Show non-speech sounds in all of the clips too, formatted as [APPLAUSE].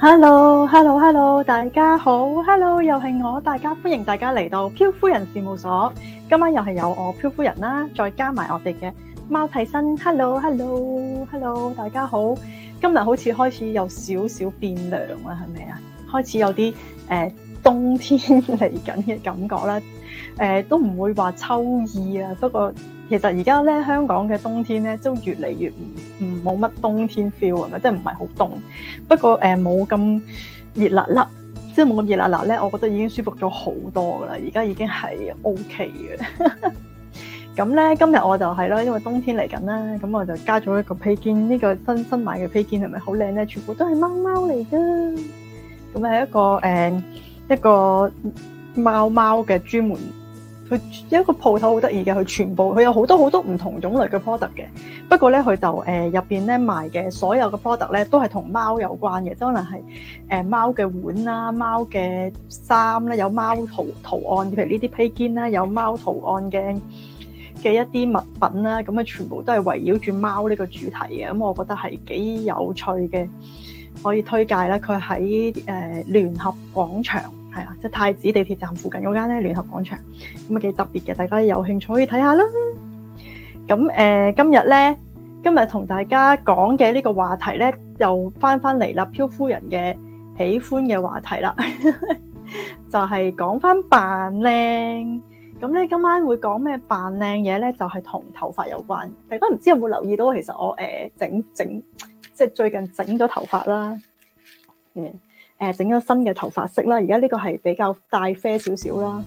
Hello，Hello，Hello，Hello, Hello, 大家好，Hello，又係我，大家歡迎大家嚟到漂夫人事務所。今晚又係有我漂夫人啦，再加埋我哋嘅貓替身。Hello，Hello，Hello，Hello, Hello, 大家好。今日好似開始有少少變涼啦，係咪啊？開始有啲誒、呃，冬天嚟緊嘅感覺啦。誒、呃，都唔會話秋意啊，不過。其實而家咧香港嘅冬天咧都越嚟越唔，冇乜冬天 feel 啊，即係唔係好凍，不過誒冇咁熱辣辣，即係冇咁熱辣辣咧，我覺得已經舒服咗好多噶啦，而家已經係 OK 嘅。咁 [LAUGHS] 咧今日我就係啦，因為冬天嚟緊啦，咁我就加咗一個披肩，呢、這個新新買嘅披肩係咪好靚咧？全部都係貓貓嚟㗎，咁係一個誒、呃、一個貓貓嘅專門。佢一個鋪頭好得意嘅，佢全部佢有好多好多唔同種類嘅 product 嘅。不過咧，佢就誒入邊咧賣嘅所有嘅 product 咧，都係同貓有關嘅，即可能係誒貓嘅碗啦、貓嘅衫啦，有貓圖圖案嘅，譬如呢啲披肩啦，有貓圖案嘅嘅一啲物品啦，咁啊全部都係圍繞住貓呢個主題嘅。咁我覺得係幾有趣嘅，可以推介咧。佢喺誒聯合廣場。係啦，即係太子地鐵站附近嗰間咧聯合廣場，咁啊幾特別嘅，大家有興趣可以睇下啦。咁誒、呃，今日咧，今日同大家講嘅呢個話題咧，又翻翻嚟啦，漂夫人嘅喜歡嘅話題啦， [LAUGHS] 就係講翻扮靚。咁咧，今晚會講咩扮靚嘢咧？就係、是、同頭髮有關。大家唔知有冇留意到，其實我誒整整，即係最近整咗頭髮啦。嗯。誒整咗新嘅頭髮色啦，而家呢個係比較帶啡少少啦，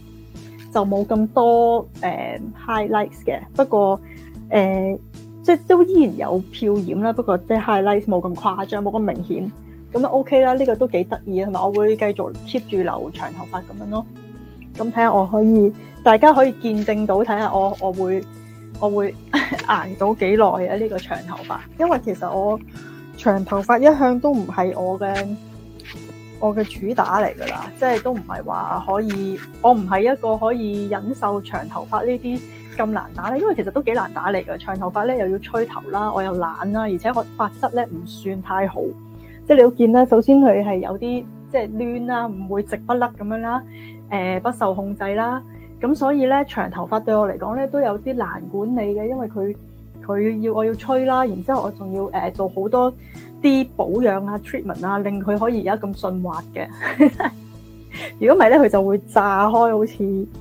就冇咁多誒、呃、highlights 嘅。不過誒、呃，即係都依然有漂染啦，不過即係 highlights 冇咁誇張，冇咁明顯，咁啊 OK 啦，呢、這個都幾得意啊，同埋我會繼續 keep 住留長頭髮咁樣咯。咁睇下我可以，大家可以見證到睇下我，我會我會捱 [LAUGHS] 到幾耐啊？呢、這個長頭髮，因為其實我長頭髮一向都唔係我嘅。我嘅主打嚟噶啦，即係都唔係話可以，我唔係一個可以忍受長頭髮呢啲咁難打咧，因為其實都幾難打理噶。長頭髮咧又要吹頭啦，我又懶啦，而且我髮質咧唔算太好，即係你都見啦。首先佢係有啲即係攣啦，唔會直不甩咁樣啦，誒、呃、不受控制啦。咁所以咧長頭髮對我嚟講咧都有啲難管理嘅，因為佢佢要我要吹啦，然之後我仲要誒、呃、做好多。啲保養啊、treatment 啊，令佢可以而家咁順滑嘅。 [LAUGHS] 如果唔係咧，佢就會炸開好，好似即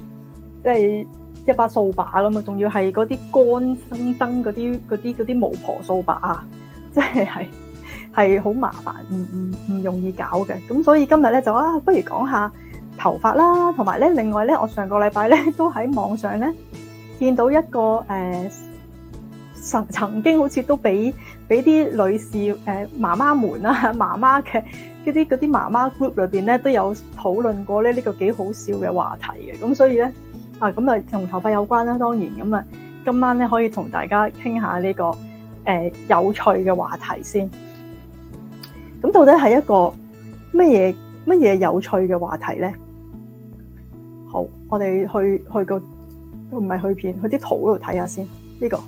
係一把掃把咁嘛，仲要係嗰啲乾生燈，嗰啲嗰啲嗰啲巫婆掃把啊，即係係係好麻煩，唔唔唔容易搞嘅。咁所以今日咧就啊，不如講下頭髮啦，同埋咧另外咧，我上個禮拜咧都喺網上咧見到一個、呃、曾曾經好似都俾俾啲女士、呃、媽媽們啦，媽媽嘅嗰啲啲媽媽 group 裏面咧都有討論過咧，呢個幾好笑嘅話題嘅，咁所以咧啊咁啊同頭髮有關啦，當然咁啊，今晚咧可以同大家傾下呢、這個、呃、有趣嘅話題先。咁到底係一個乜嘢乜嘢有趣嘅話題咧？好，我哋去去個都唔係去片去啲圖度睇下先，呢、這個。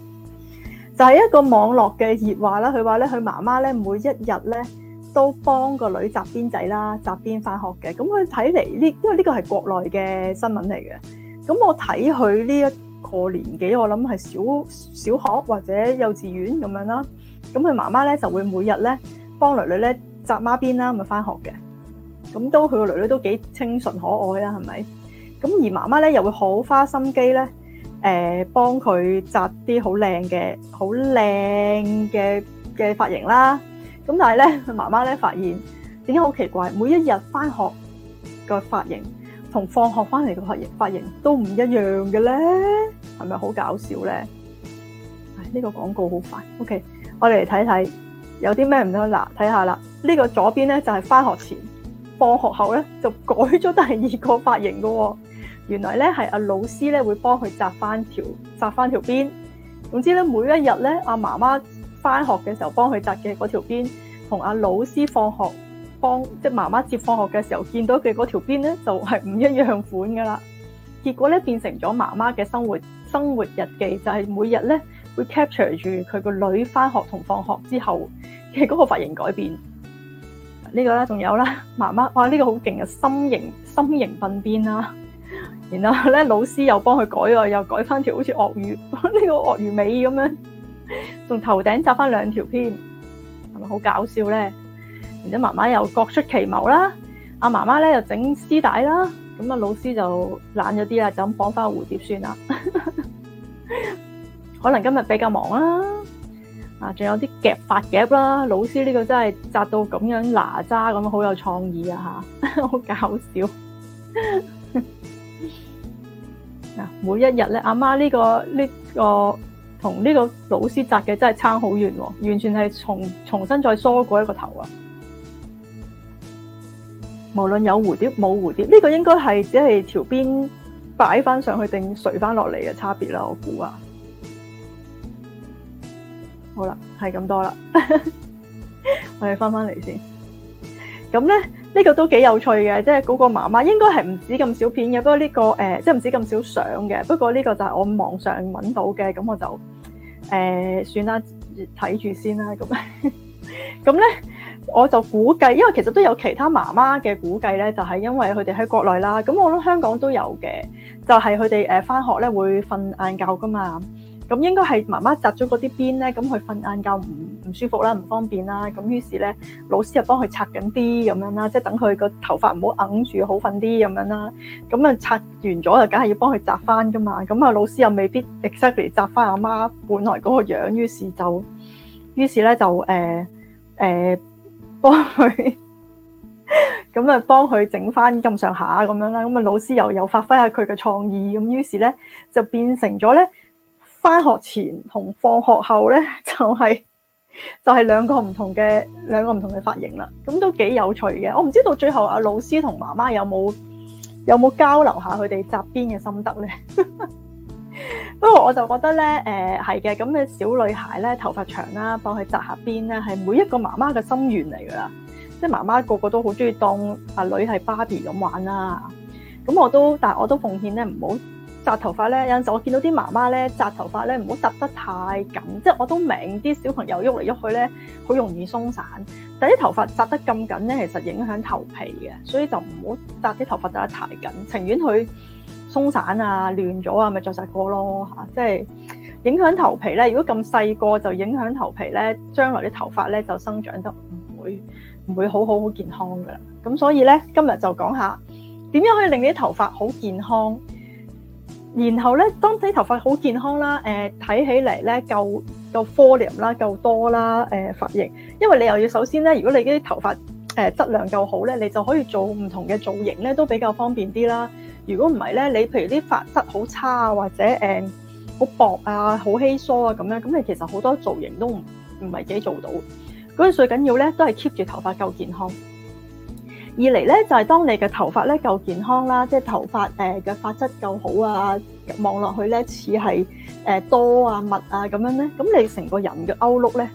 就係一個網絡嘅熱話啦，佢話咧佢媽媽咧每一日咧都幫個女紮辮仔啦，紮辮翻學嘅。咁佢睇嚟呢，因為呢個係國內嘅新聞嚟嘅。咁我睇佢呢一個年紀，我諗係小小學或者幼稚園咁樣啦。咁佢媽媽咧就會每日咧幫女女咧紮孖辮啦，咁咪翻學嘅。咁都佢個女女都幾清純可愛啦，係咪？咁而媽媽咧又會好好花心機咧。誒、呃、幫佢紮啲好靚嘅、好靚嘅嘅髮型啦，咁但係咧，媽媽咧發現點解好奇怪？每一日翻學個髮型同放學翻嚟個髮型髮型都唔一樣嘅咧，係咪好搞笑咧？誒、哎，呢、這個廣告好快，OK，我哋嚟睇睇有啲咩唔得？嗱，睇下啦，呢個左邊咧就係、是、翻學前，放學後咧就改咗第二個髮型噶喎、哦。原來咧係阿老師咧會幫佢紮返條紮返條辮。總之咧，每一日咧，阿媽媽返學嘅時候幫佢紮嘅嗰條辮，同阿、啊、老師放學幫即係媽媽接放學嘅時候見到嘅嗰條辮咧，就係、是、唔一樣款㗎喇。結果咧變成咗媽媽嘅生活生活日記，就係、是、每日咧會 capture 住佢個女返學同放學之後嘅嗰個髮型改變。這個、呢個咧仲有啦，媽媽哇！呢、這個好勁嘅心形心形辮辮啦～然後咧，老師又幫佢改啊，又改翻條好似鱷魚，呢個鱷魚尾咁樣，仲頭頂紮翻兩條辮添，係咪好搞笑咧？然後媽媽又各出奇謀啦，阿媽媽咧又整絲帶啦，咁啊老師就懶咗啲啦，就咁綁翻個蝴蝶算啦。可能今日比較忙啦，啊，仲有啲夾發夾啦，老師呢個真係扎到咁樣哪吒咁，好有創意啊吓，好搞笑。嗱，每一日咧，阿媽呢個呢個同呢個老師紮嘅真係差好遠喎，完全係重重新再梳過一個頭啊！無論有蝴蝶冇蝴蝶，呢個應該係只係條邊擺翻上去定垂翻落嚟嘅差別啦，我估啊！好啦，係咁多啦， [LAUGHS] 我哋翻翻嚟先，咁咧。呢個都幾有趣嘅，即係嗰個媽媽應該係唔止咁少片嘅，不過呢、這個誒即係唔止咁少相嘅。不過呢個就係我網上揾到嘅，咁我就誒、呃、算啦，睇住先啦。咁咁咧，我就估計，因為其實都有其他媽媽嘅估計咧，就係、是、因為佢哋喺國內啦。咁我諗香港都有嘅，就係佢哋誒返學咧會瞓晏覺㗎嘛。咁應該係媽媽紮咗嗰啲辮咧，咁佢瞓晏覺唔唔舒服啦，唔方便啦，咁於是咧老師就幫佢拆緊啲咁樣啦，即係等佢個頭髮唔好揼住，好瞓啲咁樣啦。咁啊拆完咗就梗係要幫佢紮翻㗎嘛，咁啊老師又未必 exactly 紮翻阿媽本來嗰個樣、呃呃、 [LAUGHS] 樣，於是就於是咧就誒誒幫佢咁啊幫佢整翻咁上下咁樣啦，咁啊老師又又發揮下佢嘅創意，咁於是咧就變成咗咧。翻學前同放學後咧，就係就係兩個唔同嘅兩個唔同嘅髮型啦。咁都幾有趣嘅。我唔知道最後阿老師同媽媽有冇有冇交流下佢哋紮辮嘅心得咧。 [LAUGHS] 不過我就覺得咧，誒係嘅。咁嘅小女孩咧，頭髮長啦，幫佢紮下辮咧，係每一個媽媽嘅心願嚟噶啦。即係媽媽個個都好中意當阿女係芭比咁玩啦。咁我都，但我都奉獻咧，唔好。紮頭髮咧，有陣時我見到啲媽媽咧，紮頭髮咧，唔好紮得太緊。即係我都明啲小朋友喐嚟喐去咧，好容易鬆散。但啲頭髮紮得咁緊咧，其實影響頭皮嘅，所以就唔好紮啲頭髮紮得太緊，情願佢鬆散啊、亂咗啊，咪着晒過咯嚇。即係影響頭皮咧，如果咁細個就影響頭皮咧，將來啲頭髮咧就生長得唔會唔會好好好健康噶啦。咁所以咧，今日就講下點樣可以令你啲頭髮好健康。然後咧，當你頭髮好健康啦，誒、呃、睇起嚟咧夠夠 volume 啦，夠多啦，誒、呃、髮型，因為你又要首先咧，如果你啲頭髮誒、呃、質量夠好咧，你就可以做唔同嘅造型咧，都比較方便啲啦。如果唔係咧，你譬如啲髮質好差啊，或者誒好、呃、薄啊，好稀疏啊咁樣，咁你其實好多造型都唔唔係幾做到。嗰個最緊要咧，都係 keep 住頭髮夠健康。二嚟咧，就係當你嘅頭髮咧夠健康啦，即係頭髮誒嘅髮質夠好啊，望落去咧似係誒多啊密啊咁樣咧，咁你成個人嘅歐碌咧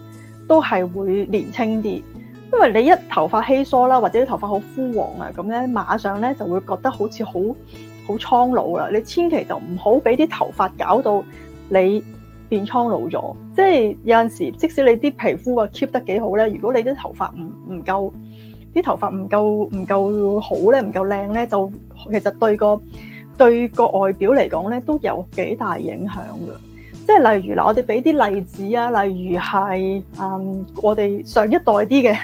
都係會年輕啲。因為你一頭髮稀疏啦，或者啲頭髮好枯黃啊咁咧，馬上咧就會覺得好似好好蒼老啦。你千祈就唔好俾啲頭髮搞到你變蒼老咗。即係有陣時，即使你啲皮膚啊 keep 得幾好咧，如果你啲頭髮唔唔夠。啲頭髮唔夠唔夠好咧，唔夠靚咧，就其實對個對個外表嚟講咧，都有幾大影響嘅。即係例如嗱，我哋俾啲例子啊，例如係嗯，我哋上一代啲嘅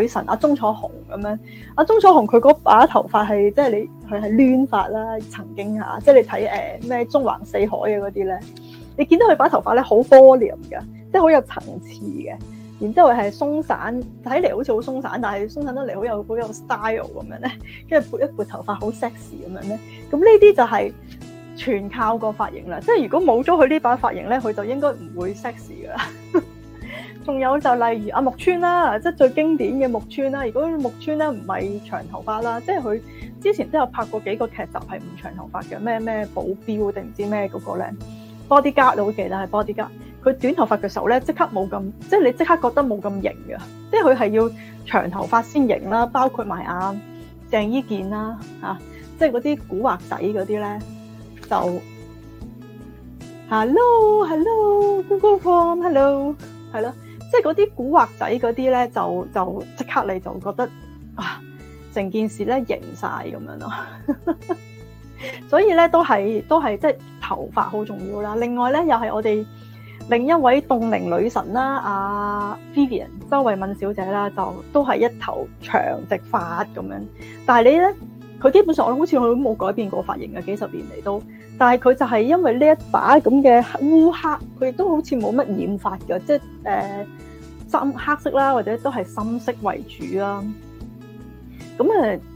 女神阿鍾楚紅咁樣，阿鍾楚紅佢嗰把頭髮係即係你佢係攣髮啦，曾經嚇，即係你睇誒咩縱橫四海嘅嗰啲咧，你見到佢把頭髮咧好波巖嘅，即係好有層次嘅。然之後係鬆散，睇嚟好似好鬆散，但係鬆散得嚟好有好有 style 咁樣咧，跟住撥一撥頭髮好 sexy 咁樣咧，咁呢啲就係全靠個髮型啦。即係如果冇咗佢呢把髮型咧，佢就應該唔會 sexy 噶啦。仲 [LAUGHS] 有就例如阿木村啦，即係最經典嘅木村啦。如果木村咧唔係長頭髮啦，即係佢之前都有拍過幾個劇集係唔長頭髮嘅，咩咩保鏢定唔知咩嗰個咧。bodyguard 好嘅，bodyguard, 記得係 bodyguard 佢短頭髮嘅時候咧，即刻冇咁，即係你即刻覺得冇咁型嘅，即係佢係要長頭髮先型啦，包括埋阿鄭伊健啦，吓，即係嗰啲古惑仔嗰啲咧就，hello hello Google Form hello，係咯，即係嗰啲古惑仔嗰啲咧就就即刻你就覺得啊，成件事咧型晒咁樣咯， [LAUGHS] 所以咧都係都係即係。頭髮好重要啦，另外咧又係我哋另一位凍齡女神啦，阿、啊、Vivian 周慧敏小姐啦，就都係一頭長直髮咁樣。但係你咧，佢基本上我好似佢都冇改變過髮型嘅幾十年嚟都，但係佢就係因為呢一把咁嘅烏黑，佢都好似冇乜染髮嘅，即係誒、呃、深黑色啦，或者都係深色為主啦。咁啊～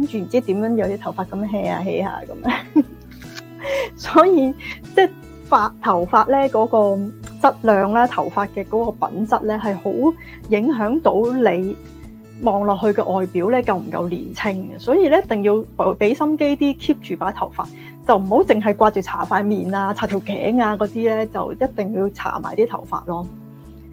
跟住唔知點樣有啲頭髮咁氣啊氣下咁樣，所以即係髮頭髮咧嗰個質量啦，頭髮嘅嗰個品質咧係好影響到你望落去嘅外表咧夠唔夠年青嘅，所以咧一定要俾心機啲 keep 住把頭髮，就唔好淨係掛住搽塊面啊、搽條頸啊嗰啲咧，就一定要搽埋啲頭髮咯。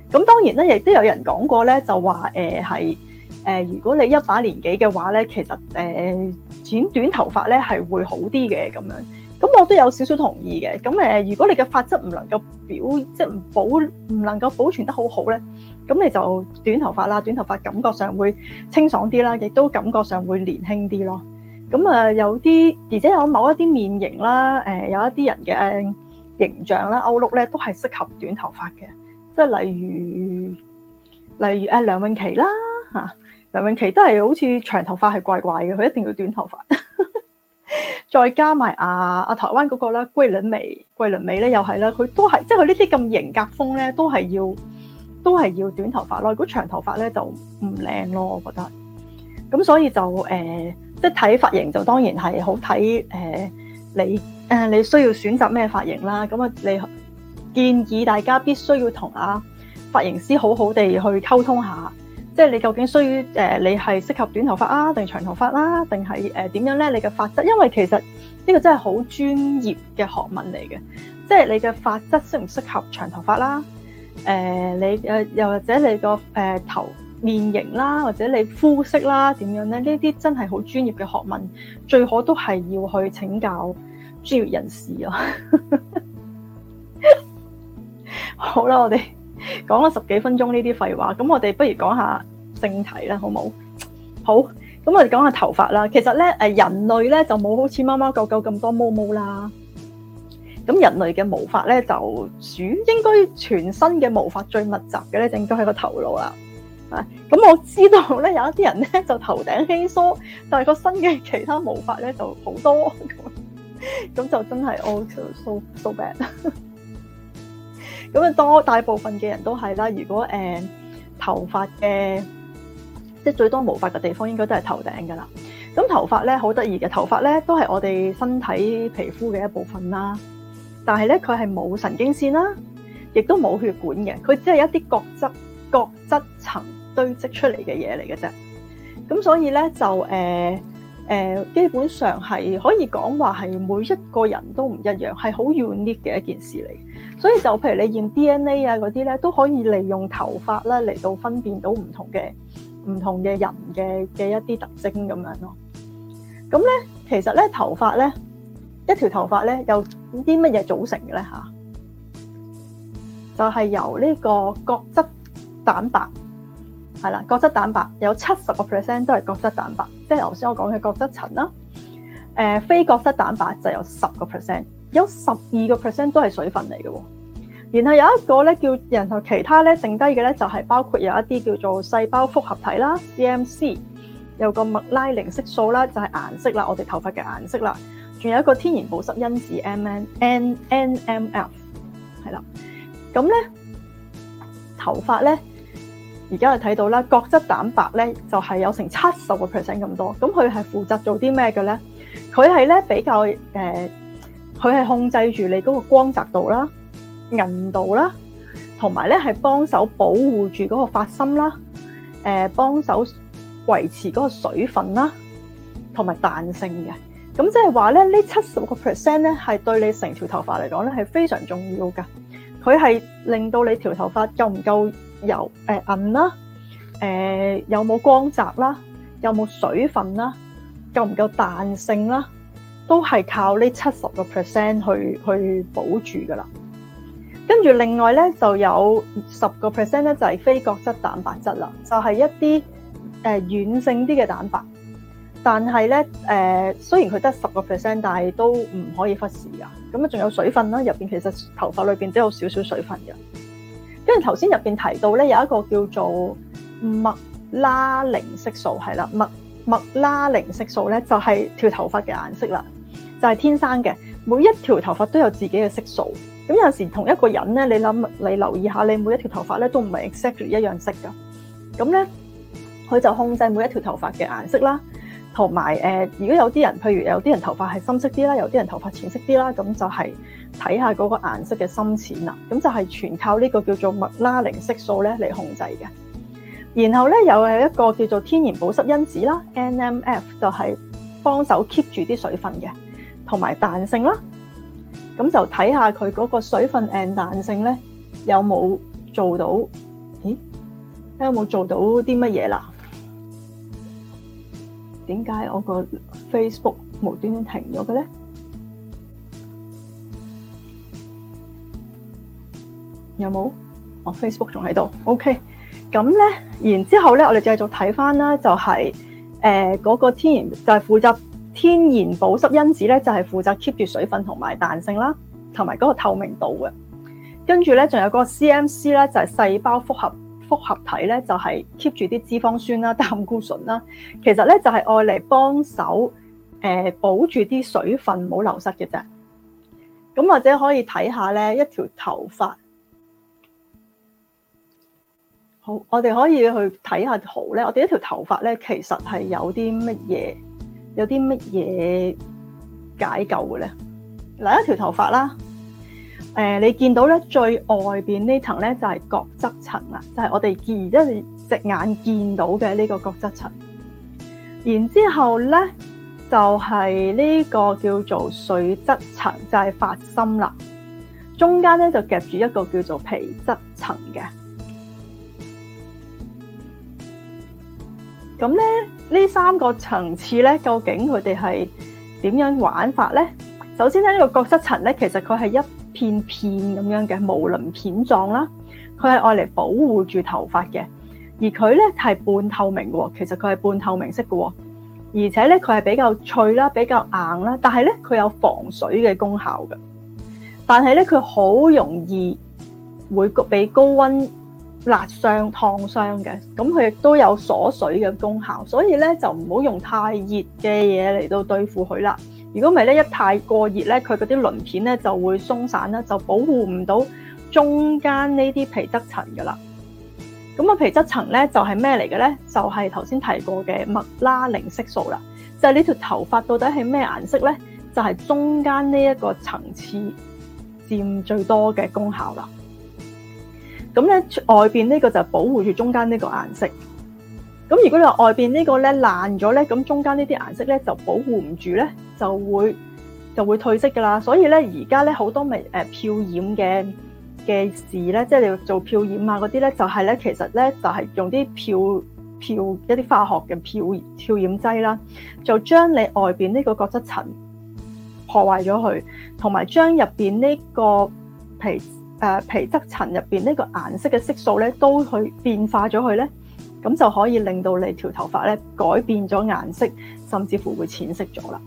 咁當然咧，亦都有人講過咧，就話誒係。呃誒、呃，如果你一把年紀嘅話咧，其實誒剪、呃、短頭髮咧係會好啲嘅咁樣。咁我都有少少同意嘅。咁誒、呃，如果你嘅髮質唔能夠表即係、就是、保唔能夠保存得好好咧，咁你就短頭髮啦。短頭髮感覺上會清爽啲啦，亦都感覺上會年輕啲咯。咁啊，有啲而且有某一啲面型啦，誒、呃、有一啲人嘅、呃、形象啦、歐陸咧都係適合短頭髮嘅，即係例如例如誒、呃、梁詠琪啦嚇。啊，梁詠琪都係好似長頭髮係怪怪嘅，佢一定要短頭髮。 [LAUGHS] 再加埋啊啊，台灣嗰個咧，桂綸鎂，桂綸鎂咧又係咧，佢都係即係佢呢啲咁型格風咧，都係要都係要短頭髮咯。如果長頭髮咧就唔靚咯，我覺得。咁所以就誒、呃，即係睇髮型就當然係好睇誒、呃、你誒、呃、你需要選擇咩髮型啦。咁啊，你建議大家必須要同啊髮型師好好地去溝通一下。即係你究竟需要、呃，你係適合短頭髮啊，定長頭髮啦，定係誒點樣咧？你嘅髮質，因為其實呢個真係好專業嘅學問嚟嘅。即係你嘅髮質適唔適合長頭髮啦、啊？誒、呃，你誒又或者你個誒、呃、頭面型啦，或者你膚色啦，點樣咧？呢啲真係好專業嘅學問，最好都係要去請教專業人士咯。 [LAUGHS] 好啦，我哋。講咗十幾分鐘呢啲廢話，咁我哋不如講下正題啦，好冇？好，咁我哋講下頭髮啦。其實咧，誒人類咧就冇好似貓貓狗狗咁多毛毛啦。咁人類嘅毛髮咧就主應該全身嘅毛髮最密集嘅咧，正都係個頭腦啊。啊，咁我知道咧有一啲人咧就頭頂稀疏，但係個身嘅其他毛髮咧就好多，咁 [LAUGHS] 就真係我 so so bad。咁啊，多大部分嘅人都係啦。如果誒、嗯、頭髮嘅，即係最多毛髮嘅地方應，應該都係頭頂噶啦。咁頭髮咧好得意嘅，頭髮咧都係我哋身體皮膚嘅一部分啦。但係咧，佢係冇神經線啦，亦都冇血管嘅，佢只係一啲角質角質層堆積出嚟嘅嘢嚟嘅啫。咁所以咧就誒誒、呃呃、基本上係可以講話，係每一個人都唔一樣，係好 unique 嘅一件事嚟。所以就譬如你驗 DNA 啊嗰啲咧，都可以利用頭髮咧嚟到分辨到唔同嘅唔同嘅人嘅嘅一啲特徵咁樣咯。咁咧，其實咧，頭髮咧，一條頭髮咧有啲乜嘢組成嘅咧吓，就係由呢個角質蛋白係啦，角質蛋白有七十個 percent 都係角質蛋白，即係頭先我講嘅角質層啦。誒，呃，非角質蛋白就有十個 percent。有十二個 percent 都係水分嚟嘅，然後有一個咧叫人頭其他咧剩低嘅咧就係包括有一啲叫做細胞複合體啦 （C.M.C.），有一個麥拉寧色素啦，就係、是、顏色啦，我哋頭髮嘅顏色啦，仲有一個天然保濕因子 M N N N M F 係啦。咁咧頭髮咧而家就睇到啦，角質蛋白咧就係有成七十個 percent 咁多。咁佢係負責做啲咩嘅咧？佢係咧比較誒。呃佢係控制住你嗰個光澤度啦、韌度啦，同埋咧係幫手保護住嗰個髮芯啦，誒幫手維持嗰個水分啦，同埋彈性嘅。咁即係話咧，呢七十個 percent 咧係對你成條頭髮嚟講咧係非常重要噶。佢係令到你條頭髮夠唔夠油、誒韌啦、誒有冇光澤啦、有冇水分啦、夠唔夠彈性啦。都係靠呢七十個 percent 去去保住噶啦，跟住另外咧就有十個 percent 咧就係、是、非角質蛋白質啦，就係、是、一啲誒、呃、軟性啲嘅蛋白，但係咧誒雖然佢得十個 percent，但係都唔可以忽視噶。咁、嗯、啊，仲有水分啦，入邊其實頭髮裏邊都有少少水分嘅。跟住頭先入邊提到咧有一個叫做麥拉寧色素係啦，麥麥拉寧色素咧就係、是、條頭髮嘅顏色啦。就係天生嘅每一條頭髮都有自己嘅色素。咁有陣時同一個人咧，你諗你留意下，你每一條頭髮咧都唔係 exactly 一樣色噶。咁咧佢就控制每一條頭髮嘅顏色啦，同埋、呃、如果有啲人，譬如有啲人頭髮係深色啲啦，有啲人頭髮淺色啲啦，咁就係睇下嗰個顏色嘅深淺啦。咁就係全靠呢個叫做麥拉寧色素咧嚟控制嘅。然後咧又有一個叫做天然保濕因子啦 （NMF） 就係幫手 keep 住啲水分嘅。同埋彈性啦，咁就睇下佢嗰個水分 and 彈性咧，有冇做到？咦，睇有冇做到啲乜嘢啦？點解我個 Facebook 無端端停咗嘅咧？有冇？哦、oh，Facebook 仲喺度，OK。咁咧，然之後咧，我哋繼續睇翻啦，就係誒嗰個天然就係、是、負責。天然保濕因子咧就係負責 keep 住水分同埋彈性啦，同埋嗰個透明度嘅。跟住咧，仲有嗰個 CMC 咧就係細胞複合複合體咧，就係 keep 住啲脂肪酸啦、膽固醇啦。其實咧就係愛嚟幫手誒、呃、保住啲水分冇流失嘅啫。咁或者可以睇下咧一條頭髮，好，我哋可以去睇下圖咧。我哋一條頭髮咧其實係有啲乜嘢？有啲乜嘢解救嘅咧？嗱，一條頭髮啦，誒、呃，你見到咧最外邊呢層咧就係、是、角質層啦，就係、是、我哋見一隻眼見到嘅呢個角質層。然之後咧就係、是、呢個叫做水質層，就係髮芯啦。中間咧就夾住一個叫做皮質層嘅。咁咧？呢三個層次咧，究竟佢哋係點樣玩法咧？首先咧，呢個角質層咧，其實佢係一片片咁樣嘅毛鱗片狀啦，佢係愛嚟保護住頭髮嘅，而佢咧係半透明嘅，其實佢係半透明色嘅，而且咧佢係比較脆啦，比較硬啦，但係咧佢有防水嘅功效嘅，但係咧佢好容易會俾高溫辣傷、燙傷嘅，咁佢亦都有鎖水嘅功效，所以咧就唔好用太熱嘅嘢嚟到對付佢啦。如果唔係咧，一太過熱咧，佢嗰啲鱗片咧就會鬆散啦，就保護唔到中間呢啲皮質層噶啦。咁啊，皮質層咧就係咩嚟嘅咧？就係頭先提過嘅麥拉寧色素啦。就係呢條頭髮到底係咩顏色咧？就係中間呢一個層次佔最多嘅功效啦。咁咧外邊呢個就保護住中間呢個顏色。咁如果你話外邊呢個咧爛咗咧，咁中間呢啲顏色咧就保護唔住咧，就會就會褪色噶啦。所以咧而家咧好多咪誒漂染嘅嘅事咧，即係你做漂染啊嗰啲咧，就係咧，其實咧就係用啲漂漂一啲化學嘅漂漂染劑啦，就將你外邊呢個角質層破壞咗佢，同埋將入邊呢個皮。誒皮質層入邊呢個顏色嘅色素咧，都去變化咗佢咧，咁就可以令到你條頭髮咧改變咗顏色，甚至乎會淺色咗啦。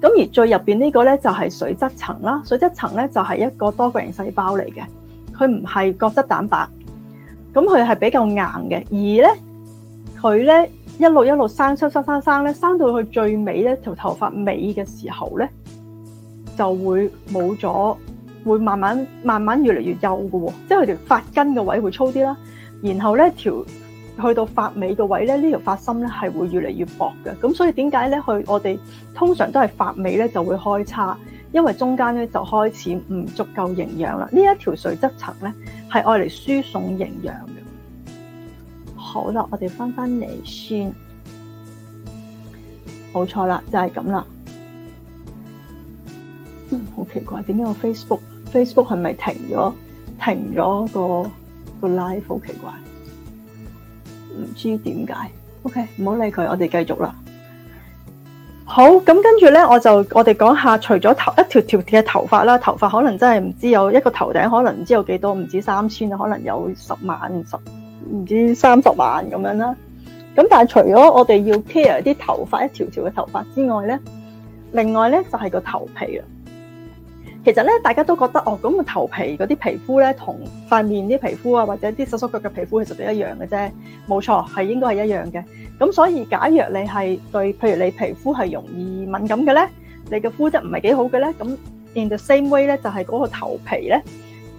咁而最入邊呢個咧就係水質層啦，水質層咧就係一個多角形細胞嚟嘅，佢唔係角質蛋白，咁佢係比較硬嘅，而咧佢咧一路一路生生生生生咧，生到去最尾咧條頭髮尾嘅時候咧，就會冇咗。會慢慢慢慢越嚟越幼嘅喎。哦，即係佢條髮根嘅位會粗啲啦，然後咧條去到髮尾嘅位咧，呢條髮芯咧係會越嚟越薄嘅，咁所以點解咧？佢我哋通常都係髮尾咧就會開叉，因為中間咧就開始唔足夠營養啦。呢一條髓質層咧係愛嚟輸送營養嘅。好啦，我哋翻翻嚟先，冇錯啦，就係咁啦。嗯，好奇怪，點解我 Facebook？Facebook 係咪停咗？停咗個個 live 好奇怪，唔知點解。OK，唔好理佢，我哋繼續啦。好，咁跟住咧，我就我哋講下，除咗頭一條條嘅頭髮啦，頭髮可能真係唔知有一個頭頂，可能唔知有幾多，唔止三千啊，可能有十萬、十唔知三十萬咁樣啦。咁但係除咗我哋要 care 啲頭髮一條條嘅頭髮之外咧，另外咧就係個頭皮啊。其實咧，大家都覺得哦，咁個頭皮嗰啲皮膚咧，同塊面啲皮膚啊，或者啲手手腳腳皮膚其實都一樣嘅啫。冇錯，係應該係一樣嘅。咁所以，假若你係對，譬如你皮膚係容易敏感嘅咧，你嘅膚質唔係幾好嘅咧，咁 in the same way 咧，就係嗰個頭皮咧，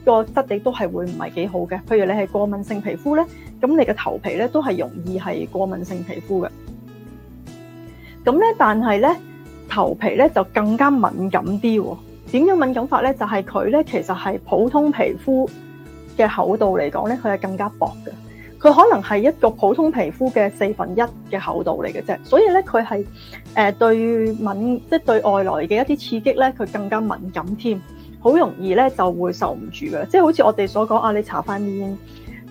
個質地都係會唔係幾好嘅。譬如你係過敏性皮膚咧，咁你嘅頭皮咧都係容易係過敏性皮膚嘅。咁咧，但係咧，頭皮咧就更加敏感啲喎。點樣敏感法咧？就係佢咧，其實係普通皮膚嘅厚度嚟講咧，佢係更加薄嘅。佢可能係一個普通皮膚嘅四分一嘅厚度嚟嘅啫。所以咧，佢係誒對敏，即對外來嘅一啲刺激咧，佢更加敏感添，好容易咧就會受唔住嘅。即係好似我哋所講啊，你搽塊面，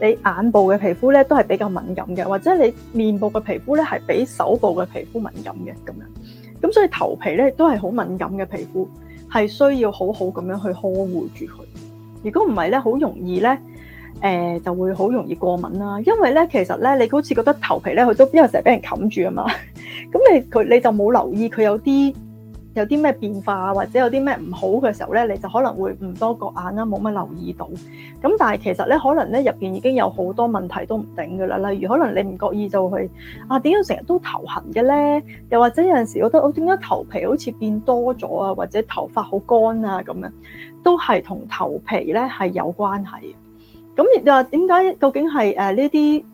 你眼部嘅皮膚咧都係比較敏感嘅，或者你面部嘅皮膚咧係比手部嘅皮膚敏感嘅咁樣。咁所以頭皮咧都係好敏感嘅皮膚。係需要好好咁樣去呵護住佢，如果唔係咧，好容易咧，誒、呃、就會好容易過敏啦。因為咧，其實咧，你好似覺得頭皮咧，佢都因為成日俾人冚住啊嘛，咁你佢你就冇留意佢有啲。有啲咩變化啊，或者有啲咩唔好嘅時候咧，你就可能會唔多覺眼啦，冇乜留意到。咁但係其實咧，可能咧入邊已經有好多問題都唔定噶啦。例如可能你唔覺意就去啊，點解成日都頭痕嘅咧？又或者有陣時覺得我點解頭皮好似變多咗啊，或者頭髮好乾啊咁樣，都係同頭皮咧係有關係。咁你話點解？究竟係誒呢啲？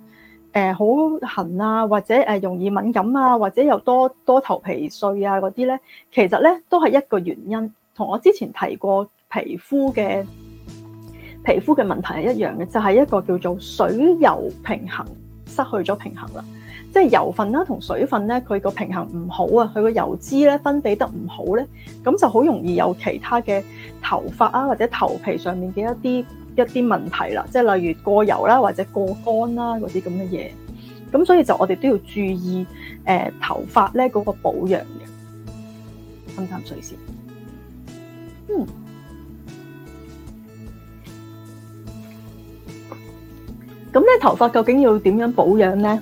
誒好痕啊，或者、呃、容易敏感啊，或者又多多頭皮碎啊嗰啲咧，其實咧都係一個原因，同我之前提過皮膚嘅皮膚嘅問題係一樣嘅，就係、是、一個叫做水油平衡失去咗平衡啦，即係油分啦、啊、同水分咧，佢個平衡唔好啊，佢個油脂咧分泌得唔好咧，咁就好容易有其他嘅頭髮啊或者頭皮上面嘅一啲。一啲問題啦，即係例如過油啦，或者過乾啦嗰啲咁嘅嘢，咁所以就我哋都要注意誒、呃、頭髮咧嗰個保養嘅。深潭水先看看，嗯。咁咧頭髮究竟要點樣保養咧？誒、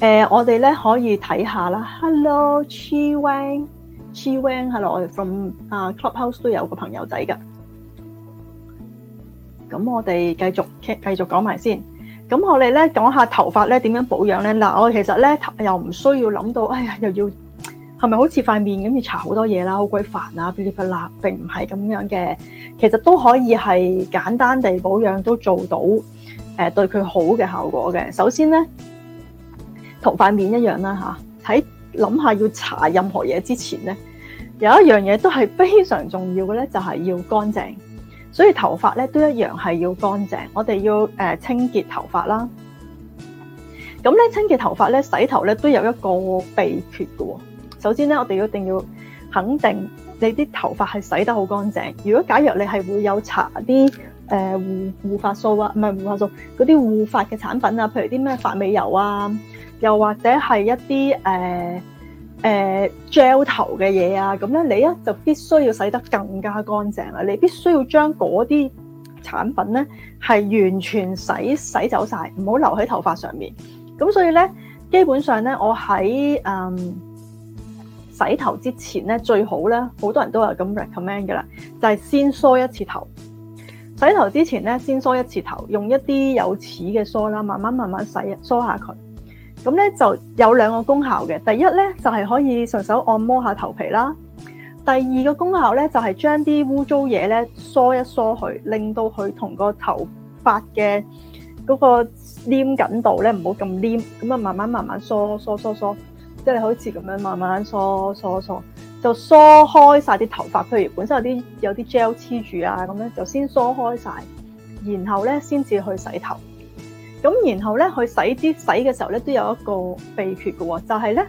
呃，我哋咧可以睇下啦。Hello, Che Wang, Che Wang，hello 我哋 from 啊、uh, Clubhouse 都有個朋友仔㗎。咁我哋繼續繼續講埋先。咁我哋咧講下頭髮咧點樣保養咧。嗱，我其實咧又唔需要諗到，哎呀，又要係咪好似塊面咁要搽好多嘢啦，好鬼煩啊！噼里啪啦，並唔係咁樣嘅。其實都可以係簡單地保養都做到，誒、呃，對佢好嘅效果嘅。首先咧，同塊面一樣啦，吓喺諗下要搽任何嘢之前咧，有一樣嘢都係非常重要嘅咧，就係、是、要乾淨。所以頭髮咧都一樣係要乾淨，我哋要誒、呃、清潔頭髮啦。咁咧清潔頭髮咧，洗頭咧都有一個秘訣嘅喎、哦。首先咧，我哋一定要肯定你啲頭髮係洗得好乾淨。如果假若你係會有搽啲誒護護髮素啊，唔係護髮素嗰啲護髮嘅產品啊，譬如啲咩髮尾油啊，又或者係一啲誒。呃誒、uh, gel 頭嘅嘢啊，咁咧你咧就必須要洗得更加乾淨啦，你必須要將嗰啲產品咧係完全洗洗走晒，唔好留喺頭髮上面。咁所以咧，基本上咧，我喺、嗯、洗頭之前咧，最好咧，好多人都係咁 recommend 嘅啦，就係、是、先梳一次頭。洗頭之前咧，先梳一次頭，用一啲有齒嘅梳啦，慢慢慢慢洗梳下佢。咁咧就有兩個功效嘅，第一咧就係、是、可以順手按摩下頭皮啦，第二個功效咧就係將啲污糟嘢咧梳一梳佢，令到佢同個頭髮嘅嗰個黏緊度咧唔好咁黏，咁啊慢慢慢慢梳梳梳梳，梳，梳，梳，即係好似咁樣慢慢梳梳梳，梳，就梳開晒啲頭髮。譬如本身有啲有啲 gel 黐住啊，咁咧就先梳開晒，然後咧先至去洗頭。咁然後咧，去洗啲洗嘅時候咧，都有一個秘訣嘅喎，就係咧，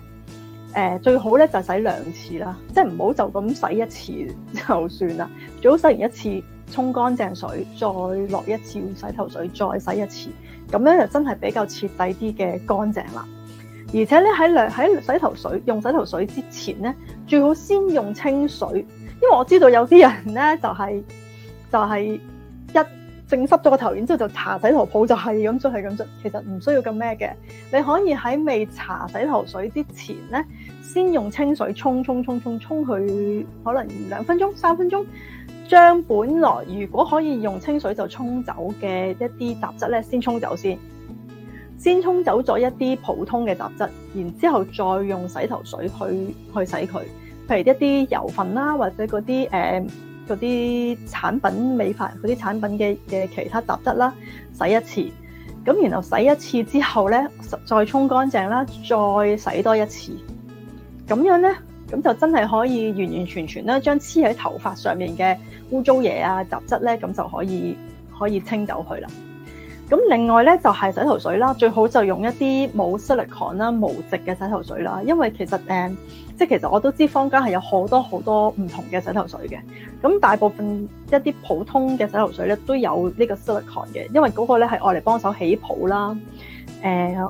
誒最好咧就洗兩次啦，即係唔好就咁洗一次就算啦，最好洗完一次，沖乾淨水，再落一次洗頭水，再洗一次，咁樣就真係比較徹底啲嘅乾淨啦。而且咧喺兩喺洗頭水用洗頭水之前咧，最好先用清水，因為我知道有啲人咧就係就係。淨濕咗個頭，然之後就搽洗頭泡，就係咁，就係咁，就其實唔需要咁咩嘅。你可以喺未搽洗頭水之前咧，先用清水沖沖沖沖沖去，可能兩分鐘、三分鐘，將本來如果可以用清水就沖走嘅一啲雜質咧，先沖走先。先沖走咗一啲普通嘅雜質，然之後再用洗頭水去去洗佢，譬如一啲油份啦，或者嗰啲誒嗰啲產品美髮嗰啲產品嘅嘅其他雜質啦，洗一次，咁然後洗一次之後咧，再沖乾淨啦，再洗多一次，咁樣咧，咁就真係可以完完全全咧，將黐喺頭髮上面嘅污糟嘢啊雜質咧，咁就可以可以清走佢啦。咁另外咧就係、是、洗頭水啦，最好就用一啲冇 silicone 啦無矽嘅洗頭水啦，因為其實誒。即其實我都知坊間係有好多好多唔同嘅洗頭水嘅，咁大部分一啲普通嘅洗頭水咧都有呢個 silicone 嘅，因為嗰個咧係愛嚟幫手起泡啦，誒、呃、誒、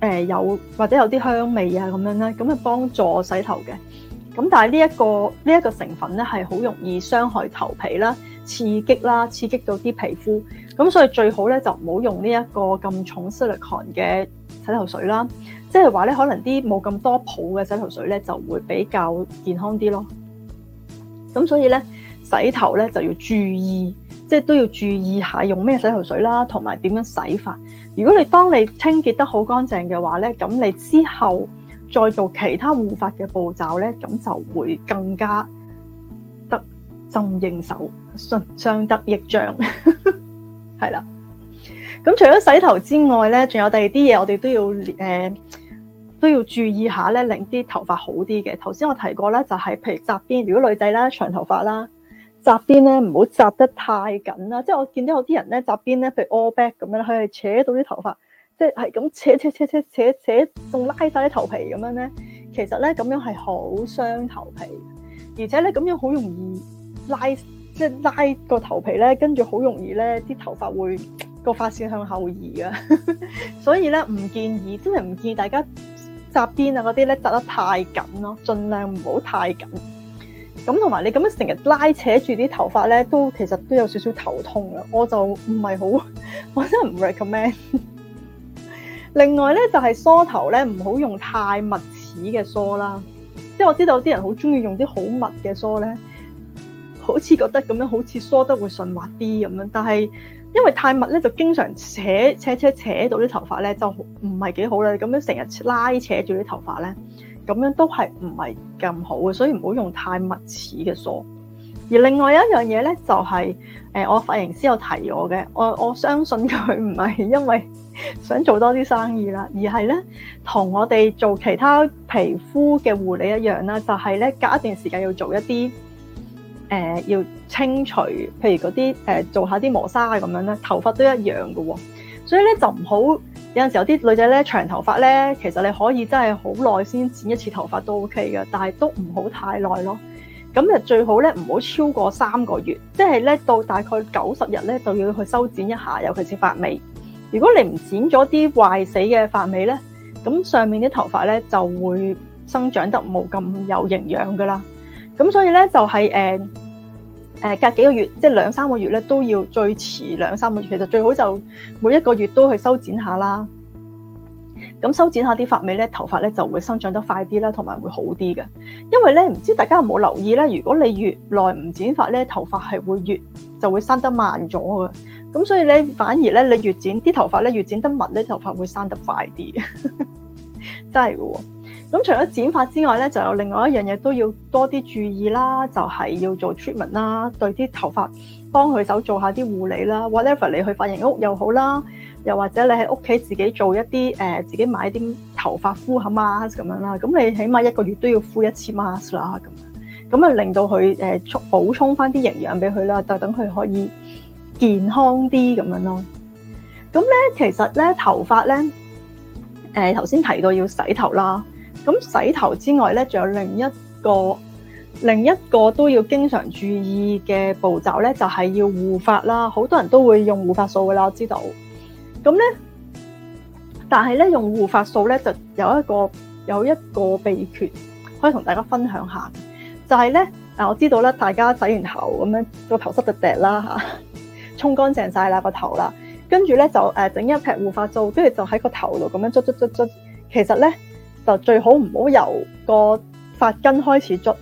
呃、有或者有啲香味啊咁樣啦，咁啊幫助洗頭嘅。咁但係呢一個呢一個成分咧係好容易傷害頭皮啦、刺激啦、刺激到啲皮膚，咁所以最好咧就唔好用呢一個咁重 silicone 嘅洗頭水啦。即係話咧，可能啲冇咁多泡嘅洗頭水咧，就會比較健康啲咯。咁所以咧，洗頭咧就要注意，即係都要注意下用咩洗頭水啦，同埋點樣洗髮。如果你當你清潔得好乾淨嘅話咧，咁你之後再做其他護髮嘅步驟咧，咁就會更加得心應手，順相得益彰。係 [LAUGHS] 啦，咁除咗洗頭之外咧，仲有第二啲嘢，我哋都要誒。呃都要注意下咧，令啲頭髮好啲嘅。頭先我提過咧，就係譬如紮辮，如果女仔啦長頭髮啦，紮辮咧唔好紮得太緊啦。即係我見到有啲人咧紮辮咧，譬如 all back 咁樣，佢係扯到啲頭髮，即係係咁扯扯扯扯扯，仲拉晒啲頭皮咁樣咧。其實咧咁樣係好傷頭皮，而且咧咁樣好容易拉，即係拉個頭皮咧，跟住好容易咧啲頭髮會個髮線向後移啊。 [LAUGHS] 所以咧唔建議，真係唔建議大家。紮辮啊嗰啲咧紮得太緊咯，盡量唔好太緊。咁同埋你咁樣成日拉扯住啲頭髮咧，都其實都有少少頭痛啊！我就唔係好，我真係唔 recommend。另外咧就係梳頭咧，唔好用太密齒嘅梳啦。即係我知道有啲人好中意用啲好密嘅梳咧，好似覺得咁樣好似梳得會順滑啲咁樣，但係。因為太密咧，就經常扯扯扯扯到啲頭髮咧，就唔係幾好啦。咁樣成日拉扯住啲頭髮咧，咁樣都係唔係咁好嘅，所以唔好用太密齒嘅梳。而另外一樣嘢咧，就係誒我髮型師有提我嘅，我我相信佢唔係因為想做多啲生意啦，而係咧同我哋做其他皮膚嘅護理一樣啦，就係咧隔一段時間要做一啲。誒、呃、要清除，譬如嗰啲、呃、做下啲磨砂啊咁樣咧，頭髮都一樣嘅喎、哦，所以咧就唔好有陣時有啲女仔咧長頭髮咧，其實你可以真係好耐先剪一次頭髮都 OK 嘅，但係都唔好太耐咯。咁就最好咧唔好超過三個月，即係咧到大概九十日咧就要去修剪一下，尤其是髮尾。如果你唔剪咗啲壞死嘅髮尾咧，咁上面啲頭髮咧就會生長得冇咁有營養㗎啦。咁所以咧就係誒誒隔幾個月，即係兩三個月咧都要最遲兩三個月，其實最好就每一個月都去修剪下啦。咁修剪下啲髮尾咧，頭髮咧就會生長得快啲啦，同埋會好啲嘅。因為咧唔知大家有冇留意咧，如果你越耐唔剪髮咧，頭髮係會越就會生得慢咗嘅。咁所以咧反而咧，你越剪啲頭髮咧，越剪得密咧，頭髮會生得快啲。 [LAUGHS] 真係喎～咁除咗剪髮之外咧，就有另外一樣嘢都要多啲注意啦。就係、是、要做 treatment 啦，對啲頭髮幫佢手做下啲護理啦。whatever 你去髮型屋又好啦，又或者你喺屋企自己做一啲誒、呃、自己買啲頭髮敷下 mask 咁樣啦。咁你起碼一個月都要敷一次 mask 啦。咁咁啊，樣就令到佢誒充補充翻啲營養俾佢啦，就等佢可以健康啲咁樣咯。咁咧其實咧頭髮咧誒頭先提到要洗頭啦。咁洗頭之外咧，仲有另一個另一個都要經常注意嘅步驟咧，就係、是、要護髮啦。好多人都會用護髮素噶啦，我知道。咁咧，但係咧用護髮素咧，就有一個有一個秘訣，可以同大家分享下。就係、是、咧，嗱我知道咧，大家洗完頭咁樣個頭濕到掉啦吓，沖乾淨晒啦個頭啦，跟住咧就誒整、呃、一撇護髮素，跟住就喺個頭度咁樣捽捽捽捽，其實咧。就最好唔好由個髮根開始捽，